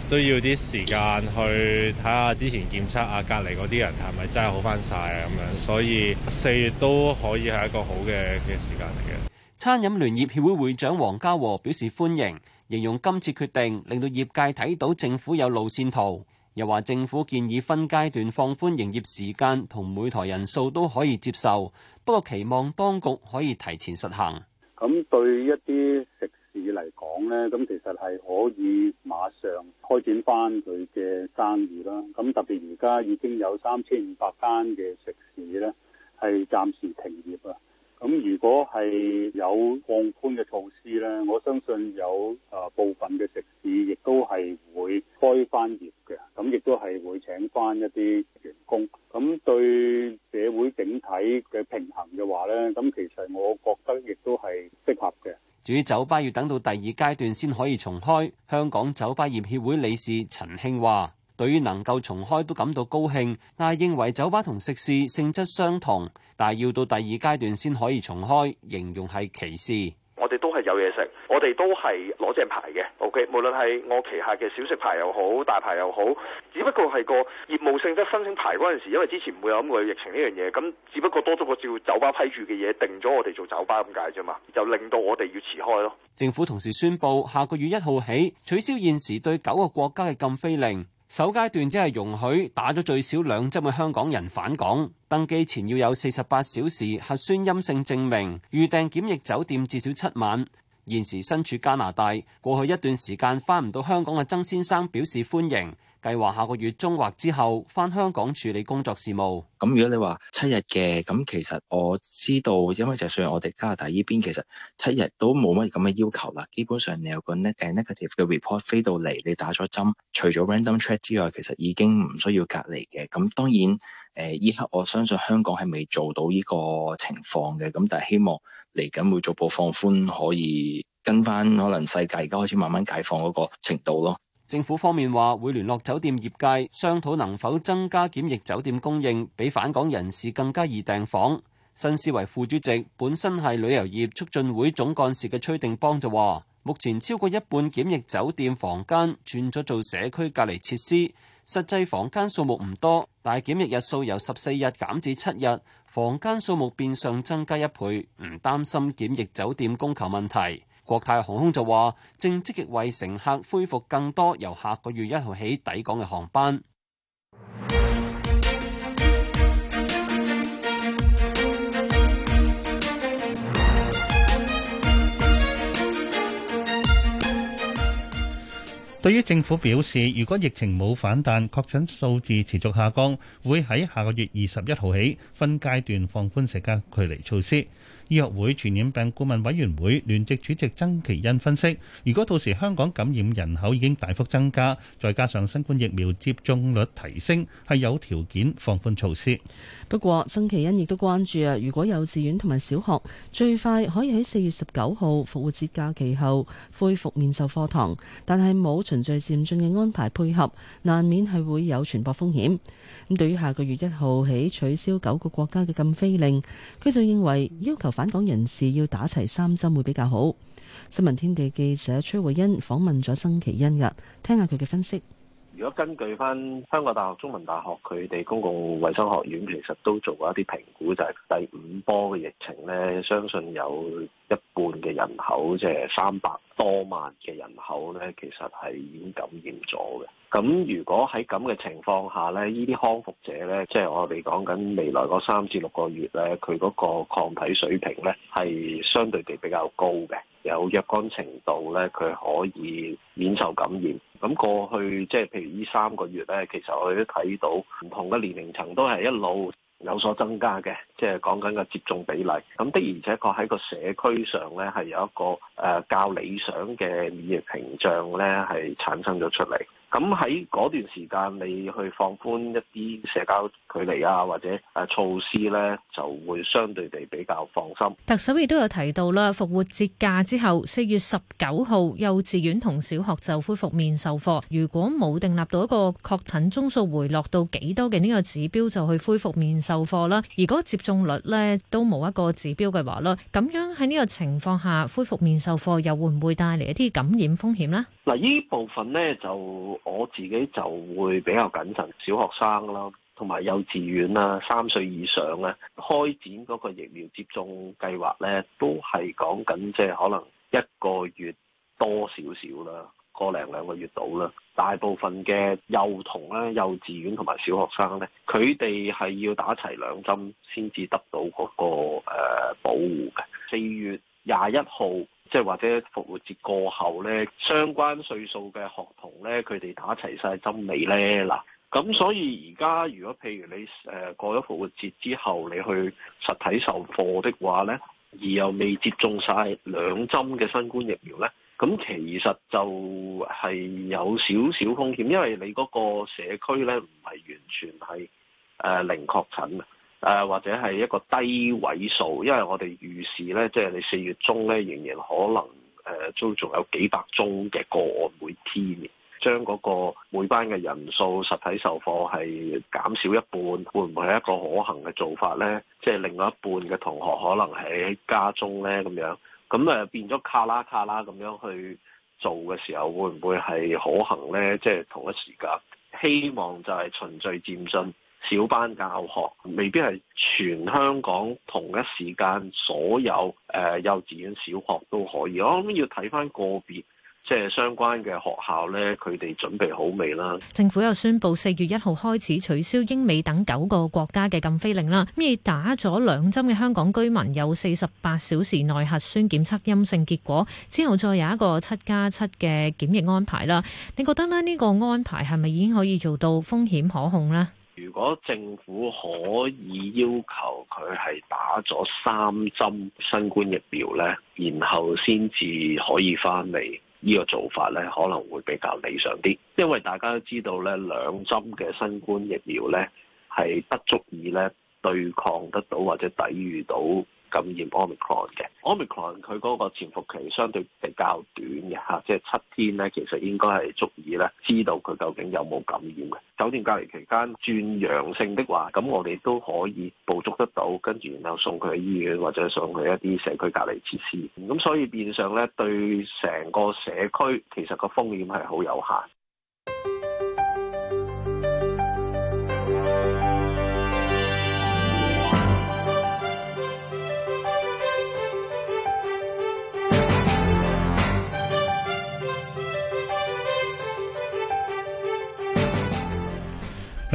都要啲時間去睇下之前檢測啊，隔離嗰啲人係咪真係好返晒。啊咁樣。所以四月都可以係一個好嘅嘅時間嚟嘅。餐飲聯業協會會,會長黃家和表示歡迎。形容今次決定令到業界睇到政府有路線圖，又話政府建議分階段放寬營業時間同每台人數都可以接受，不過期望當局可以提前實行。咁對一啲食肆嚟講呢，咁其實係可以馬上開展翻佢嘅生意啦。咁特別而家已經有三千五百間嘅食肆咧，係暫時停業啊。咁如果係有放寬嘅措施咧，我相信有誒部分嘅食肆亦都係會開翻業嘅，咁亦都係會請翻一啲員工。咁對社會整體嘅平衡嘅話咧，咁其實我覺得亦都係適合嘅。至於酒吧要等到第二階段先可以重開，香港酒吧業協會理事陳興話。對於能夠重開都感到高興。但認為酒吧同食肆性質相同，但係要到第二階段先可以重開，形容係歧視。我哋都係有嘢食，我哋都係攞隻牌嘅。O.K. 無論係我旗下嘅小食牌又好，大牌又好，只不過係個業務性質申請牌嗰陣時，因為之前唔會有咁嘅疫情呢樣嘢，咁只不過多咗個照酒吧批住嘅嘢定咗我哋做酒吧咁解啫嘛，就令到我哋要遲開咯。政府同時宣布，下個月一號起取消現時對九個國家嘅禁飛令。首階段只係容許打咗最少兩針嘅香港人返港，登機前要有四十八小時核酸陰性證明，預訂檢疫酒店至少七晚。現時身處加拿大，過去一段時間返唔到香港嘅曾先生表示歡迎。計劃下個月中或之後翻香港處理工作事務。咁如果你話七日嘅，咁其實我知道，因為就算我哋加拿大依邊，其實七日都冇乜咁嘅要求啦。基本上你有個 negative 嘅 report 飛到嚟，你打咗針，除咗 random check 之外，其實已經唔需要隔離嘅。咁當然，誒依刻我相信香港係未做到呢個情況嘅，咁但係希望嚟緊會逐步放寬，可以跟翻可能世界而家開始慢慢解放嗰個程度咯。政府方面話會聯絡酒店業界商討能否增加檢疫酒店供應，比返港人士更加易訂房。新思維副主席本身係旅遊業促進會總幹事嘅崔定邦就話：目前超過一半檢疫酒店房間轉咗做社區隔離設施，實際房間數目唔多，但檢疫日數由十四日減至七日，房間數目變相增加一倍，唔擔心檢疫酒店供求問題。國泰航空就話，正積極為乘客恢復更多由下個月一號起抵港嘅航班。對於政府表示，如果疫情冇反彈，確診數字持續下降，會喺下個月二十一號起分階段放寬社交距離措施。醫學會傳染病顧問委員會聯席主席曾其恩分析，如果到時香港感染人口已經大幅增加，再加上新冠疫苗接種率提升，係有條件放寬措施。不過，曾其恩亦都關注啊，如果幼稚園同埋小學最快可以喺四月十九號復活節假期後恢復面授課堂，但係冇循序漸進嘅安排配合，難免係會有傳播風險。咁對於下個月一號起取消九個國家嘅禁飛令，佢就認為要求返港人士要打齊三針會比較好。新聞天地記者崔慧欣訪問咗曾其恩噶，聽下佢嘅分析。如果根據翻香港大學、中文大學佢哋公共衛生學院，其實都做過一啲評估，就係第五波嘅疫情呢，相信有一半嘅人口，即係三百多萬嘅人口呢，其實係已經感染咗嘅。咁如果喺咁嘅情況下咧，呢啲康復者咧，即係我哋講緊未來嗰三至六個月咧，佢嗰個抗體水平咧係相對地比較高嘅，有若干程度咧佢可以免受感染。咁過去即係譬如呢三個月咧，其實我哋都睇到唔同嘅年齡層都係一路有所增加嘅，即係講緊個接種比例。咁的而且確喺個社區上咧係有一個誒、呃、較理想嘅免疫屏障咧係產生咗出嚟。咁喺嗰段時間，你去放寬一啲社交距離啊，或者誒措施咧，就會相對地比較放心。特首亦都有提到啦，復活節假之後，四月十九號幼稚園同小學就恢復面授課。如果冇訂立到一個確診宗數回落到幾多嘅呢個指標，就去恢復面授課啦。如果接種率咧都冇一個指標嘅話，咧，咁樣喺呢個情況下，恢復面授課又會唔會帶嚟一啲感染風險咧？嗱，呢部分咧就我自己就會比較謹慎，小學生啦，同埋幼稚園啦，三歲以上咧，開展嗰個疫苗接種計劃咧，都係講緊即係可能一個月多少少啦，個零兩個月到啦。大部分嘅幼童咧，幼稚園同埋小學生咧，佢哋係要打齊兩針先至得到嗰個、呃、保護嘅。四月廿一號。即係或者復活節過後咧，相關歲數嘅學童咧，佢哋打齊晒針尾咧，嗱，咁所以而家如果譬如你誒過咗復活節之後，你去實體授課的話咧，而又未接種晒兩針嘅新冠疫苗咧，咁其實就係有少少風險，因為你嗰個社區咧唔係完全係誒零確診嘅。誒或者係一個低位數，因為我哋預示咧，即係你四月中咧仍然可能誒都仲有幾百宗嘅個案每天，將嗰個每班嘅人數實體授課係減少一半，會唔會係一個可行嘅做法咧？即係另外一半嘅同學可能喺家中咧咁樣，咁誒變咗卡啦卡啦咁樣去做嘅時候，會唔會係可行咧？即係同一時間，希望就係循序漸進。小班教學未必係全香港同一時間所有誒、呃、幼稚園小學都可以。我、哦、諗、嗯、要睇翻個別即係相關嘅學校咧，佢哋準備好未啦？政府又宣布四月一號開始取消英美等九個國家嘅禁飛令啦。咩打咗兩針嘅香港居民有四十八小時內核酸檢測陰性結果，之後再有一個七加七嘅檢疫安排啦。你覺得咧？呢、呢個安排係咪已經可以做到風險可控咧？如果政府可以要求佢係打咗三針新冠疫苗咧，然後先至可以翻嚟，呢個做法咧可能會比較理想啲，因為大家都知道咧，兩針嘅新冠疫苗咧係不足以咧對抗得到或者抵禦到。感染 Omicron 嘅 Omicron 佢嗰個潛伏期相對比較短嘅吓，即係七天咧，其實應該係足以咧，知道佢究竟有冇感染嘅酒店隔離期間轉陽性的話，咁我哋都可以捕捉得到，跟住然後送佢去醫院或者送佢一啲社區隔離設施。咁所以變相咧，對成個社區其實個風險係好有限。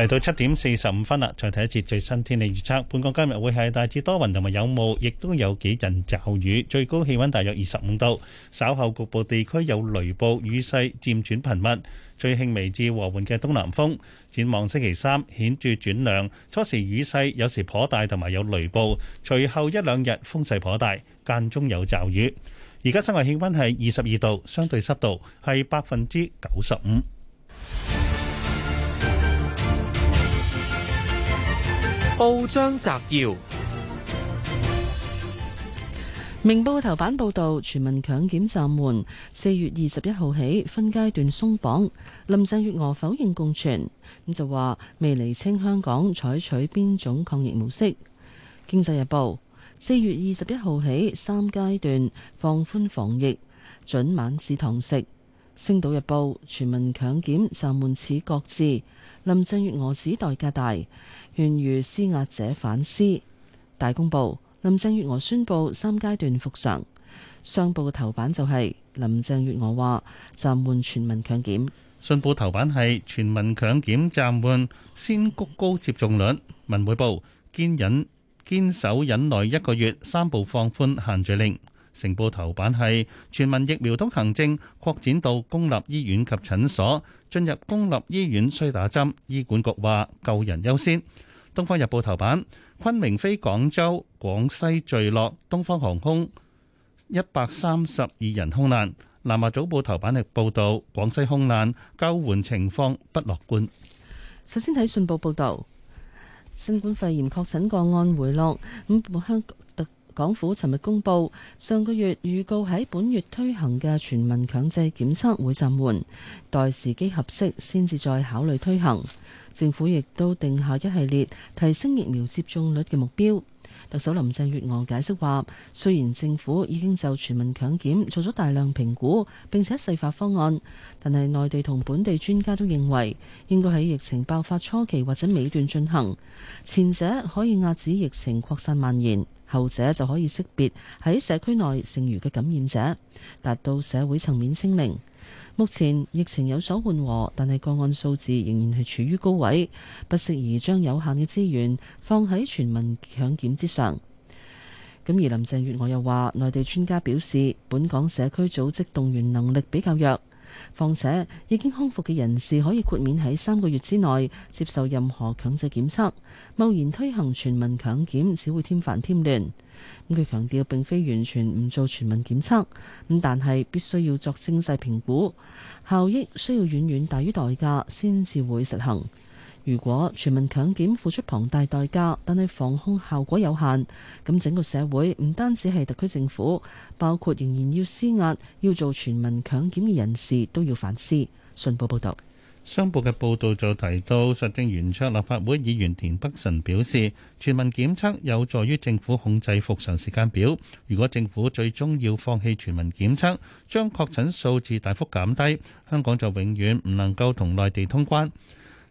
嚟到七點四十五分啦，再睇一次最新天氣預測。本港今日會係大致多雲同埋有霧，亦都有幾陣驟雨，最高氣温大約二十五度。稍後局部地區有雷暴，雨勢漸轉頻密，最輕微至和緩嘅東南風。展望星期三顯著轉涼，初時雨勢有時頗大同埋有雷暴，隨後一兩日風勢頗大，間中有驟雨。而家室外氣温係二十二度，相對濕度係百分之九十五。報章摘要：明報頭版報道，全民強檢暫緩，四月二十一號起分階段鬆綁。林鄭月娥否認共存，咁就話未釐清香港採取邊種抗疫模式。經濟日報：四月二十一號起三階段放寬防疫，准晚市堂食。星島日報：全民強檢暫緩，始各自。林鄭月娥指代價大。勸喻施壓者反思。大公報，林鄭月娥宣布三階段復常。商報嘅頭版就係林鄭月娥話暫緩全民強檢。信報頭版係全民強檢暫緩，先谷高接種率。文匯報堅忍堅守忍耐一個月，三步放寬限聚令。成報頭版係全民疫苗通行證擴展到公立醫院及診所。進入公立醫院需打針。醫管局話救人優先。《東方日報》頭版，昆明飛廣州廣西墜落，東方航空一百三十二人空難。《南華早報》頭版亦報導廣西空難救援情況不樂觀。首先睇信報報導，新冠肺炎確診個案回落。咁香港。港府尋日公布，上個月預告喺本月推行嘅全民強制檢測會暫緩，待時機合適先至再考慮推行。政府亦都定下一系列提升疫苗接種率嘅目標。特首林鄭月娥解釋話，雖然政府已經就全民強檢做咗大量評估，並且細化方案，但係內地同本地專家都認為應該喺疫情爆發初期或者尾段進行，前者可以壓止疫情擴散蔓延。後者就可以識別喺社區內剩餘嘅感染者，達到社會層面清零。目前疫情有所緩和，但係個案數字仍然係處於高位，不適宜將有限嘅資源放喺全民搶檢之上。咁而林鄭月娥又話，內地專家表示，本港社區組織動員能力比較弱。況且已經康復嘅人士可以豁免喺三個月之內接受任何強制檢測。貿然推行全民強檢只會添煩添亂。咁佢強調，並非完全唔做全民檢測，咁但係必須要作精細評估，效益需要遠遠大於代價先至會實行。如果全民強檢付出龐大代價，但係防控效果有限，咁整個社會唔單止係特區政府，包括仍然要施壓、要做全民強檢嘅人士都要反思。信報報道。商報嘅報導就提到，實政圓桌立法會議員田北辰表示，全民檢測有助於政府控制復常時間表。如果政府最終要放棄全民檢測，將確診數字大幅減低，香港就永遠唔能夠同內地通關。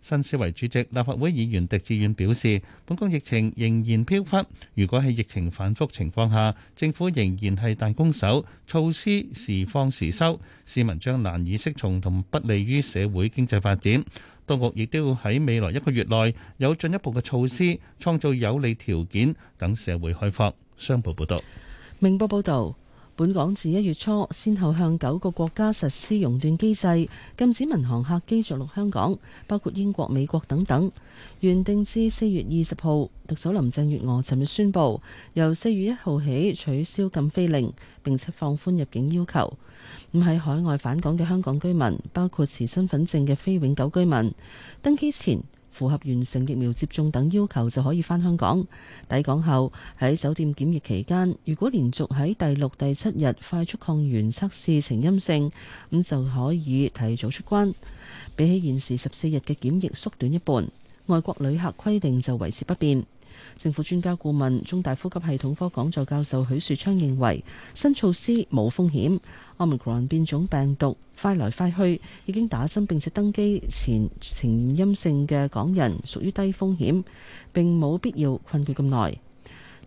新思維主席、立法會議員狄志遠表示，本港疫情仍然飄忽，如果喺疫情反覆情況下，政府仍然係彈弓手，措施時放時收，市民將難以適從，同不利於社會經濟發展。當局亦都要喺未來一個月內有進一步嘅措施，創造有利條件，等社會開放。商報報道。明報報導。本港自一月初，先後向九個國家實施熔斷機制，禁止民航客機着陸香港，包括英國、美國等等。原定至四月二十號，特首林鄭月娥尋日宣布，由四月一號起取消禁飛令，並且放寬入境要求。唔喺海外返港嘅香港居民，包括持身份證嘅非永久居民，登機前，符合完成疫苗接種等要求就可以翻香港。抵港後喺酒店檢疫期間，如果連續喺第六、第七日快速抗原測試呈陰性，咁就可以提早出關。比起現時十四日嘅檢疫縮短一半，外國旅客規定就維持不變。政府專家顧問、中大呼吸系統科講座教授許樹昌認為，新措施冇風險。Omicron 變種病毒快來快去，已經打針並且登機前呈陰性嘅港人屬於低風險，並冇必要困佢咁耐。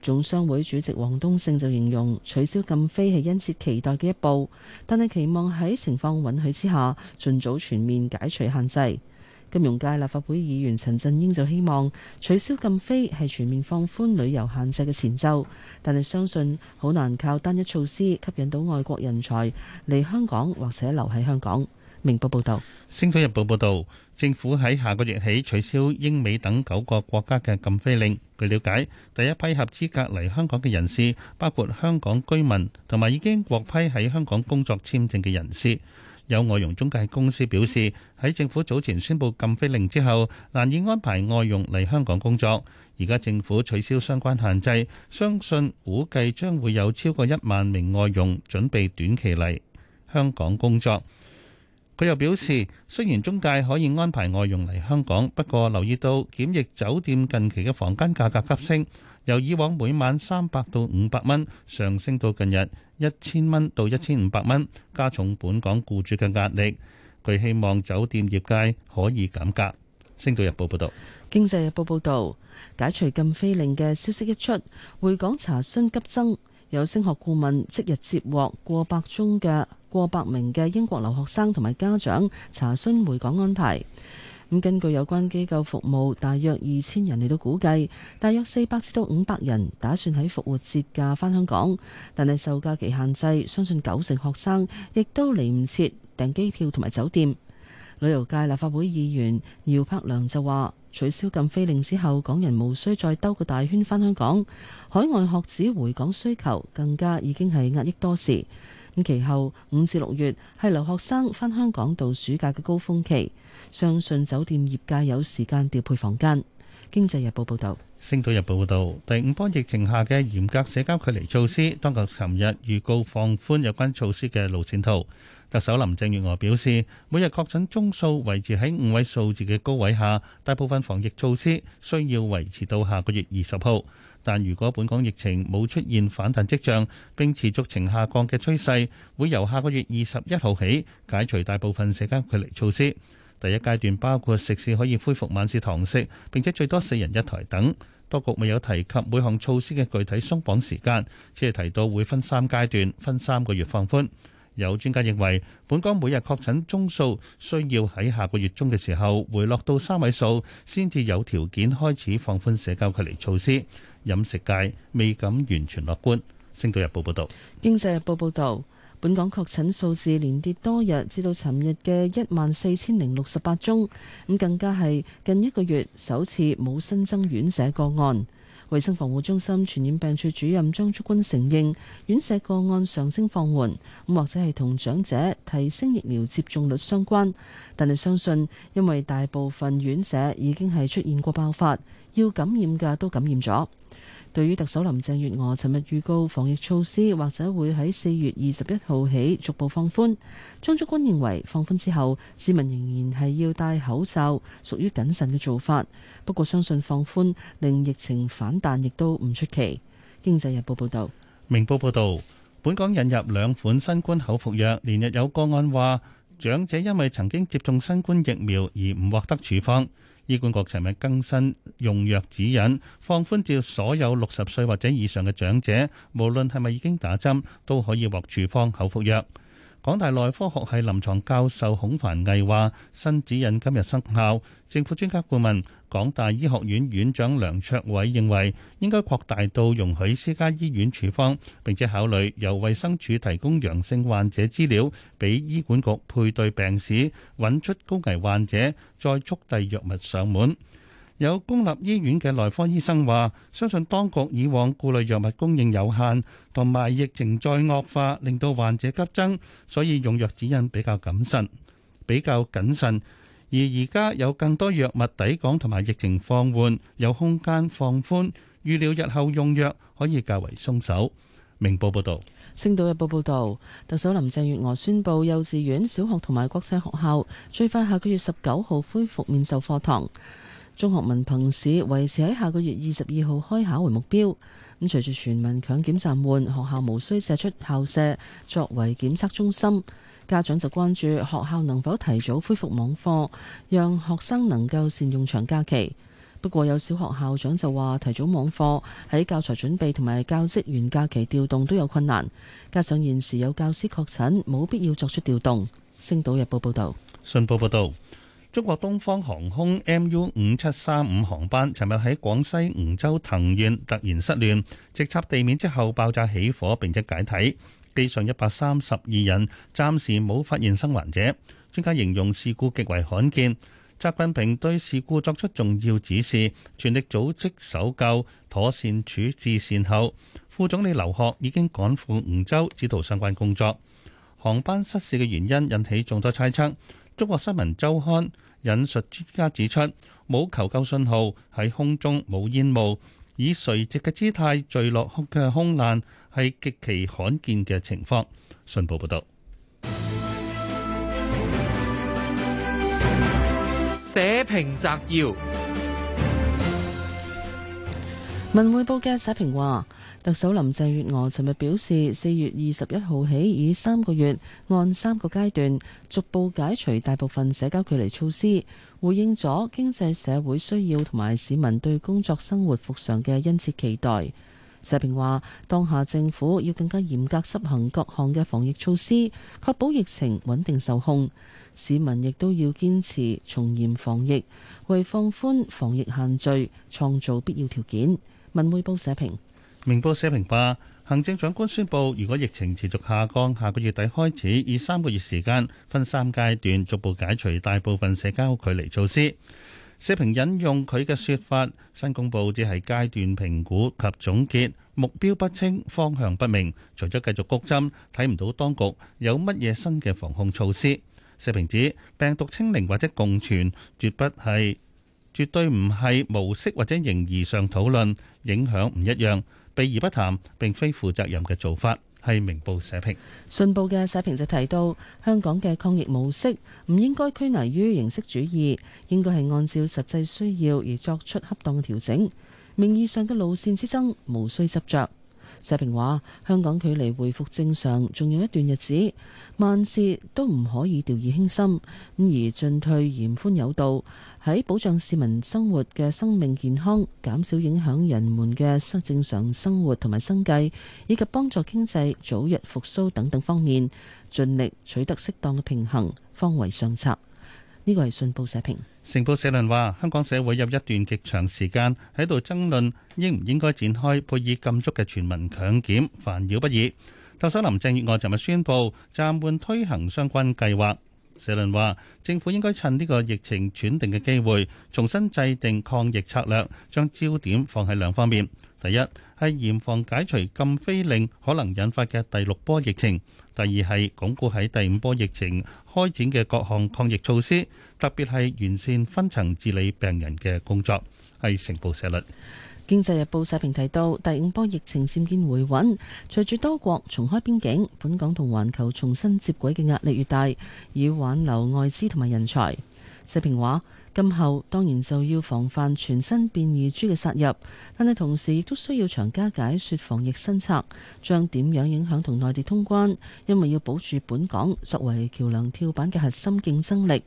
總商會主席王冬勝就形容取消禁飛係殷切期待嘅一步，但係期望喺情況允許之下，盡早全面解除限制。金融界立法會議員陳振英就希望取消禁飛係全面放寬旅遊限制嘅前奏，但係相信好難靠單一措施吸引到外國人才嚟香港或者留喺香港。明報報道，《星島日報》報道，政府喺下個月起取消英美等九個國家嘅禁飛令。據了解，第一批合資格嚟香港嘅人士包括香港居民同埋已經獲批喺香港工作簽證嘅人士。有外傭中介公司表示，喺政府早前宣布禁飛令之後，難以安排外傭嚟香港工作。而家政府取消相關限制，相信估計將會有超過一萬名外傭準備短期嚟香港工作。佢又表示，雖然中介可以安排外傭嚟香港，不過留意到檢疫酒店近期嘅房間價格急升。由以往每晚三百到五百蚊，上升到近日一千蚊到一千五百蚊，加重本港僱主嘅壓力。佢希望酒店業界可以減價。星島日報報道，經濟日報報道，解除禁飛令嘅消息一出，回港查詢急增，有升學顧問即日接獲過百宗嘅、過百名嘅英國留學生同埋家長查詢回港安排。咁根據有關機構服務大約二千人嚟到估計，大約四百至到五百人打算喺復活節假返香港，但係受假期限制，相信九成學生亦都嚟唔切訂機票同埋酒店。旅遊界立法會議員姚柏良就話：取消禁飛令之後，港人無需再兜個大圈返香港，海外學子回港需求更加已經係壓抑多時。咁其後五至六月係留學生返香港度暑假嘅高峰期，相信酒店業界有時間調配房間。經濟日報報道，星島日報報道，第五波疫情下嘅嚴格社交距離措施，當局琴日預告放寬有關措施嘅路線圖。特首林鄭月娥表示，每日確診宗數維持喺五位數字嘅高位下，大部分防疫措施需要維持到下個月二十號。但如果本港疫情冇出現反彈跡象，並持續呈下降嘅趨勢，會由下個月二十一號起解除大部分社交距離措施。第一階段包括食肆可以恢復晚市堂食，並且最多四人一台等。當局未有提及每項措施嘅具體鬆綁時間，只係提到會分三階段，分三個月放寬。有專家認為，本港每日確診宗數需要喺下個月中嘅時候回落到三位數，先至有條件開始放寬社交距離措施。飲食界未敢完全樂觀。星島日報報道。《經濟日報》報道，本港確診數字連跌多日，至到尋日嘅一萬四千零六十八宗，咁更加係近一個月首次冇新增院舍個案。衞生防護中心傳染病處主任張竹君承認，院舍個案上升放緩，咁或者係同長者提升疫苗接種率相關。但係相信，因為大部分院舍已經係出現過爆發，要感染嘅都感染咗。對於特首林鄭月娥尋日預告防疫措施或者會喺四月二十一號起逐步放寬，張竹君認為放寬之後市民仍然係要戴口罩，屬於謹慎嘅做法。不過相信放寬令疫情反彈亦都唔出奇。經濟日報報道。明報報道，本港引入兩款新冠口服藥，連日有個案話長者因為曾經接種新冠疫苗而唔獲得處方。醫管局尋日更新用藥指引，放寬照所有六十歲或者以上嘅長者，無論係咪已經打針，都可以獲處方口服藥。港大內科學系臨床教授孔凡毅話：新指引今日生效，政府專家顧問，港大醫學院院長梁卓偉認為，應該擴大到容許私家醫院處方，並且考慮由衛生署提供陽性患者資料，俾醫管局配對病史，揾出高危患者，再速遞藥物上門。有公立醫院嘅內科醫生話，相信當局以往顧慮藥物供應有限，同埋疫情再惡化，令到患者急增，所以用藥指引比較謹慎，比較謹慎。而而家有更多藥物抵港同埋疫情放緩，有空間放寬，預料日後用藥可以較為鬆手。明報報道，《星島日報》報道，特首林鄭月娥宣布，幼稚園、小學同埋國際學校最快下個月十九號恢復面授課堂，中學文憑試維持喺下個月二十二號開考為目標。咁隨住全民強檢暫緩，學校無需借出校舍作為檢測中心。家長就關注學校能否提早恢復網課，讓學生能夠善用長假期。不過有小學校長就話，提早網課喺教材準備同埋教職員假期調動都有困難，加上現時有教師確診，冇必要作出調動。星島日報報道：「信報報道，中國東方航空 MU 五七三五航班尋日喺廣西梧州藤縣突然失聯，直插地面之後爆炸起火並且解體。機上一百三十二人，暫時冇發現生還者。專家形容事故極為罕見。習近平對事故作出重要指示，全力組織搜救，妥善處置善後。副總理劉鶴已經趕赴梧州指導相關工作。航班失事嘅原因引起眾多猜測。《中國新聞周刊》引述專家指出，冇求救信號，喺空中冇煙霧，以垂直嘅姿態墜落嘅空難。係極其罕見嘅情況。信報報道：社評摘要：文匯報嘅社評話，特首林鄭月娥尋日表示，四月二十一號起，以三個月按三個階段逐步解除大部分社交距離措施，回應咗經濟社會需要同埋市民對工作生活復常嘅殷切期待。社評話：當下政府要更加嚴格執行各項嘅防疫措施，確保疫情穩定受控。市民亦都要堅持從嚴防疫，為放寬防疫限聚創造必要條件。文匯報社評，明報社評話，行政長官宣布，如果疫情持續下降，下個月底開始，以三個月時間分三階段逐步解除大部分社交距離措施。社評引用佢嘅說法，新公佈只係階段評估及總結，目標不清，方向不明，除咗繼續谷針，睇唔到當局有乜嘢新嘅防控措施。社評指病毒清零或者共存，絕不係絕對唔係模式或者形而上討論，影響唔一樣，避而不談並非負責任嘅做法。係明報社評信報嘅社評就提到香港嘅抗疫模式唔應該拘泥於形式主義，應該係按照實際需要而作出恰當嘅調整。名義上嘅路線之爭無需執着。石平話：香港距離恢復正常仲有一段日子，萬事都唔可以掉以輕心，咁而進退嚴寬有度，喺保障市民生活嘅生命健康、減少影響人們嘅生正常生活同埋生計，以及幫助經濟早日復甦等等方面，盡力取得適當嘅平衡，方為上策。呢個係信報社評，成報社論話：香港社會有一段極長時間喺度爭論應唔應該展開配以禁足嘅全民強檢，煩擾不已。特首林鄭月娥尋日宣布暫緩推行相關計劃。社論話，政府應該趁呢個疫情轉定嘅機會，重新制定抗疫策略，將焦點放喺兩方面。第一。係嚴防解除禁飛令可能引發嘅第六波疫情。第二係鞏固喺第五波疫情開展嘅各項抗疫措施，特別係完善分層治理病人嘅工作，係成報社評。經濟日報社評提到，第五波疫情漸見回穩，隨住多國重開邊境，本港同環球重新接軌嘅壓力越大，以挽留外資同埋人才。社評話。今後當然就要防範全新變異株嘅殺入，但係同時都需要長加解説防疫新策，將點樣影響同內地通關，因為要保住本港作為橋梁跳板嘅核心競爭力，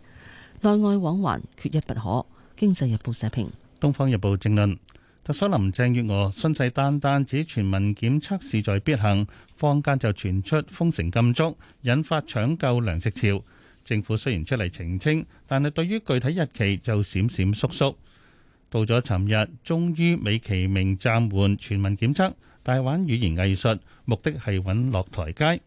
內外往還缺一不可。經濟日報社評。東方日報正論，特首林鄭月娥信誓旦旦指全民檢測勢在必行，坊間就傳出封城禁足，引發搶購糧食潮。政府雖然出嚟澄清，但係對於具體日期就閃閃縮縮。到咗尋日，終於美其名暫緩全民檢測，大玩語言藝術，目的係揾落台階。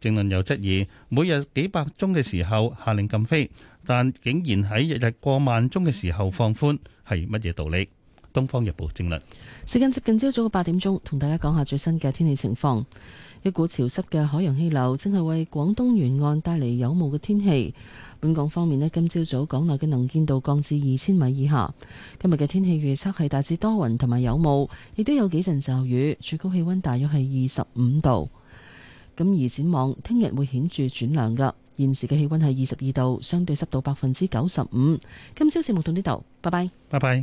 正論有質疑，每日幾百宗嘅時候下令禁飛，但竟然喺日日過萬宗嘅時候放寬，係乜嘢道理？《東方日報》正論。時間接近朝早嘅八點鐘，同大家講下最新嘅天氣情況。一股潮濕嘅海洋氣流正係為廣東沿岸帶嚟有霧嘅天氣。本港方面呢，今朝早，早港內嘅能見度降至二千米以下。今日嘅天氣預測係大致多雲同埋有霧，亦都有幾陣驟雨。最高氣溫大約係二十五度。咁而展望，聽日會顯著轉涼㗎。現時嘅氣溫係二十二度，相對濕度百分之九十五。今朝節目到呢度，拜拜，拜拜。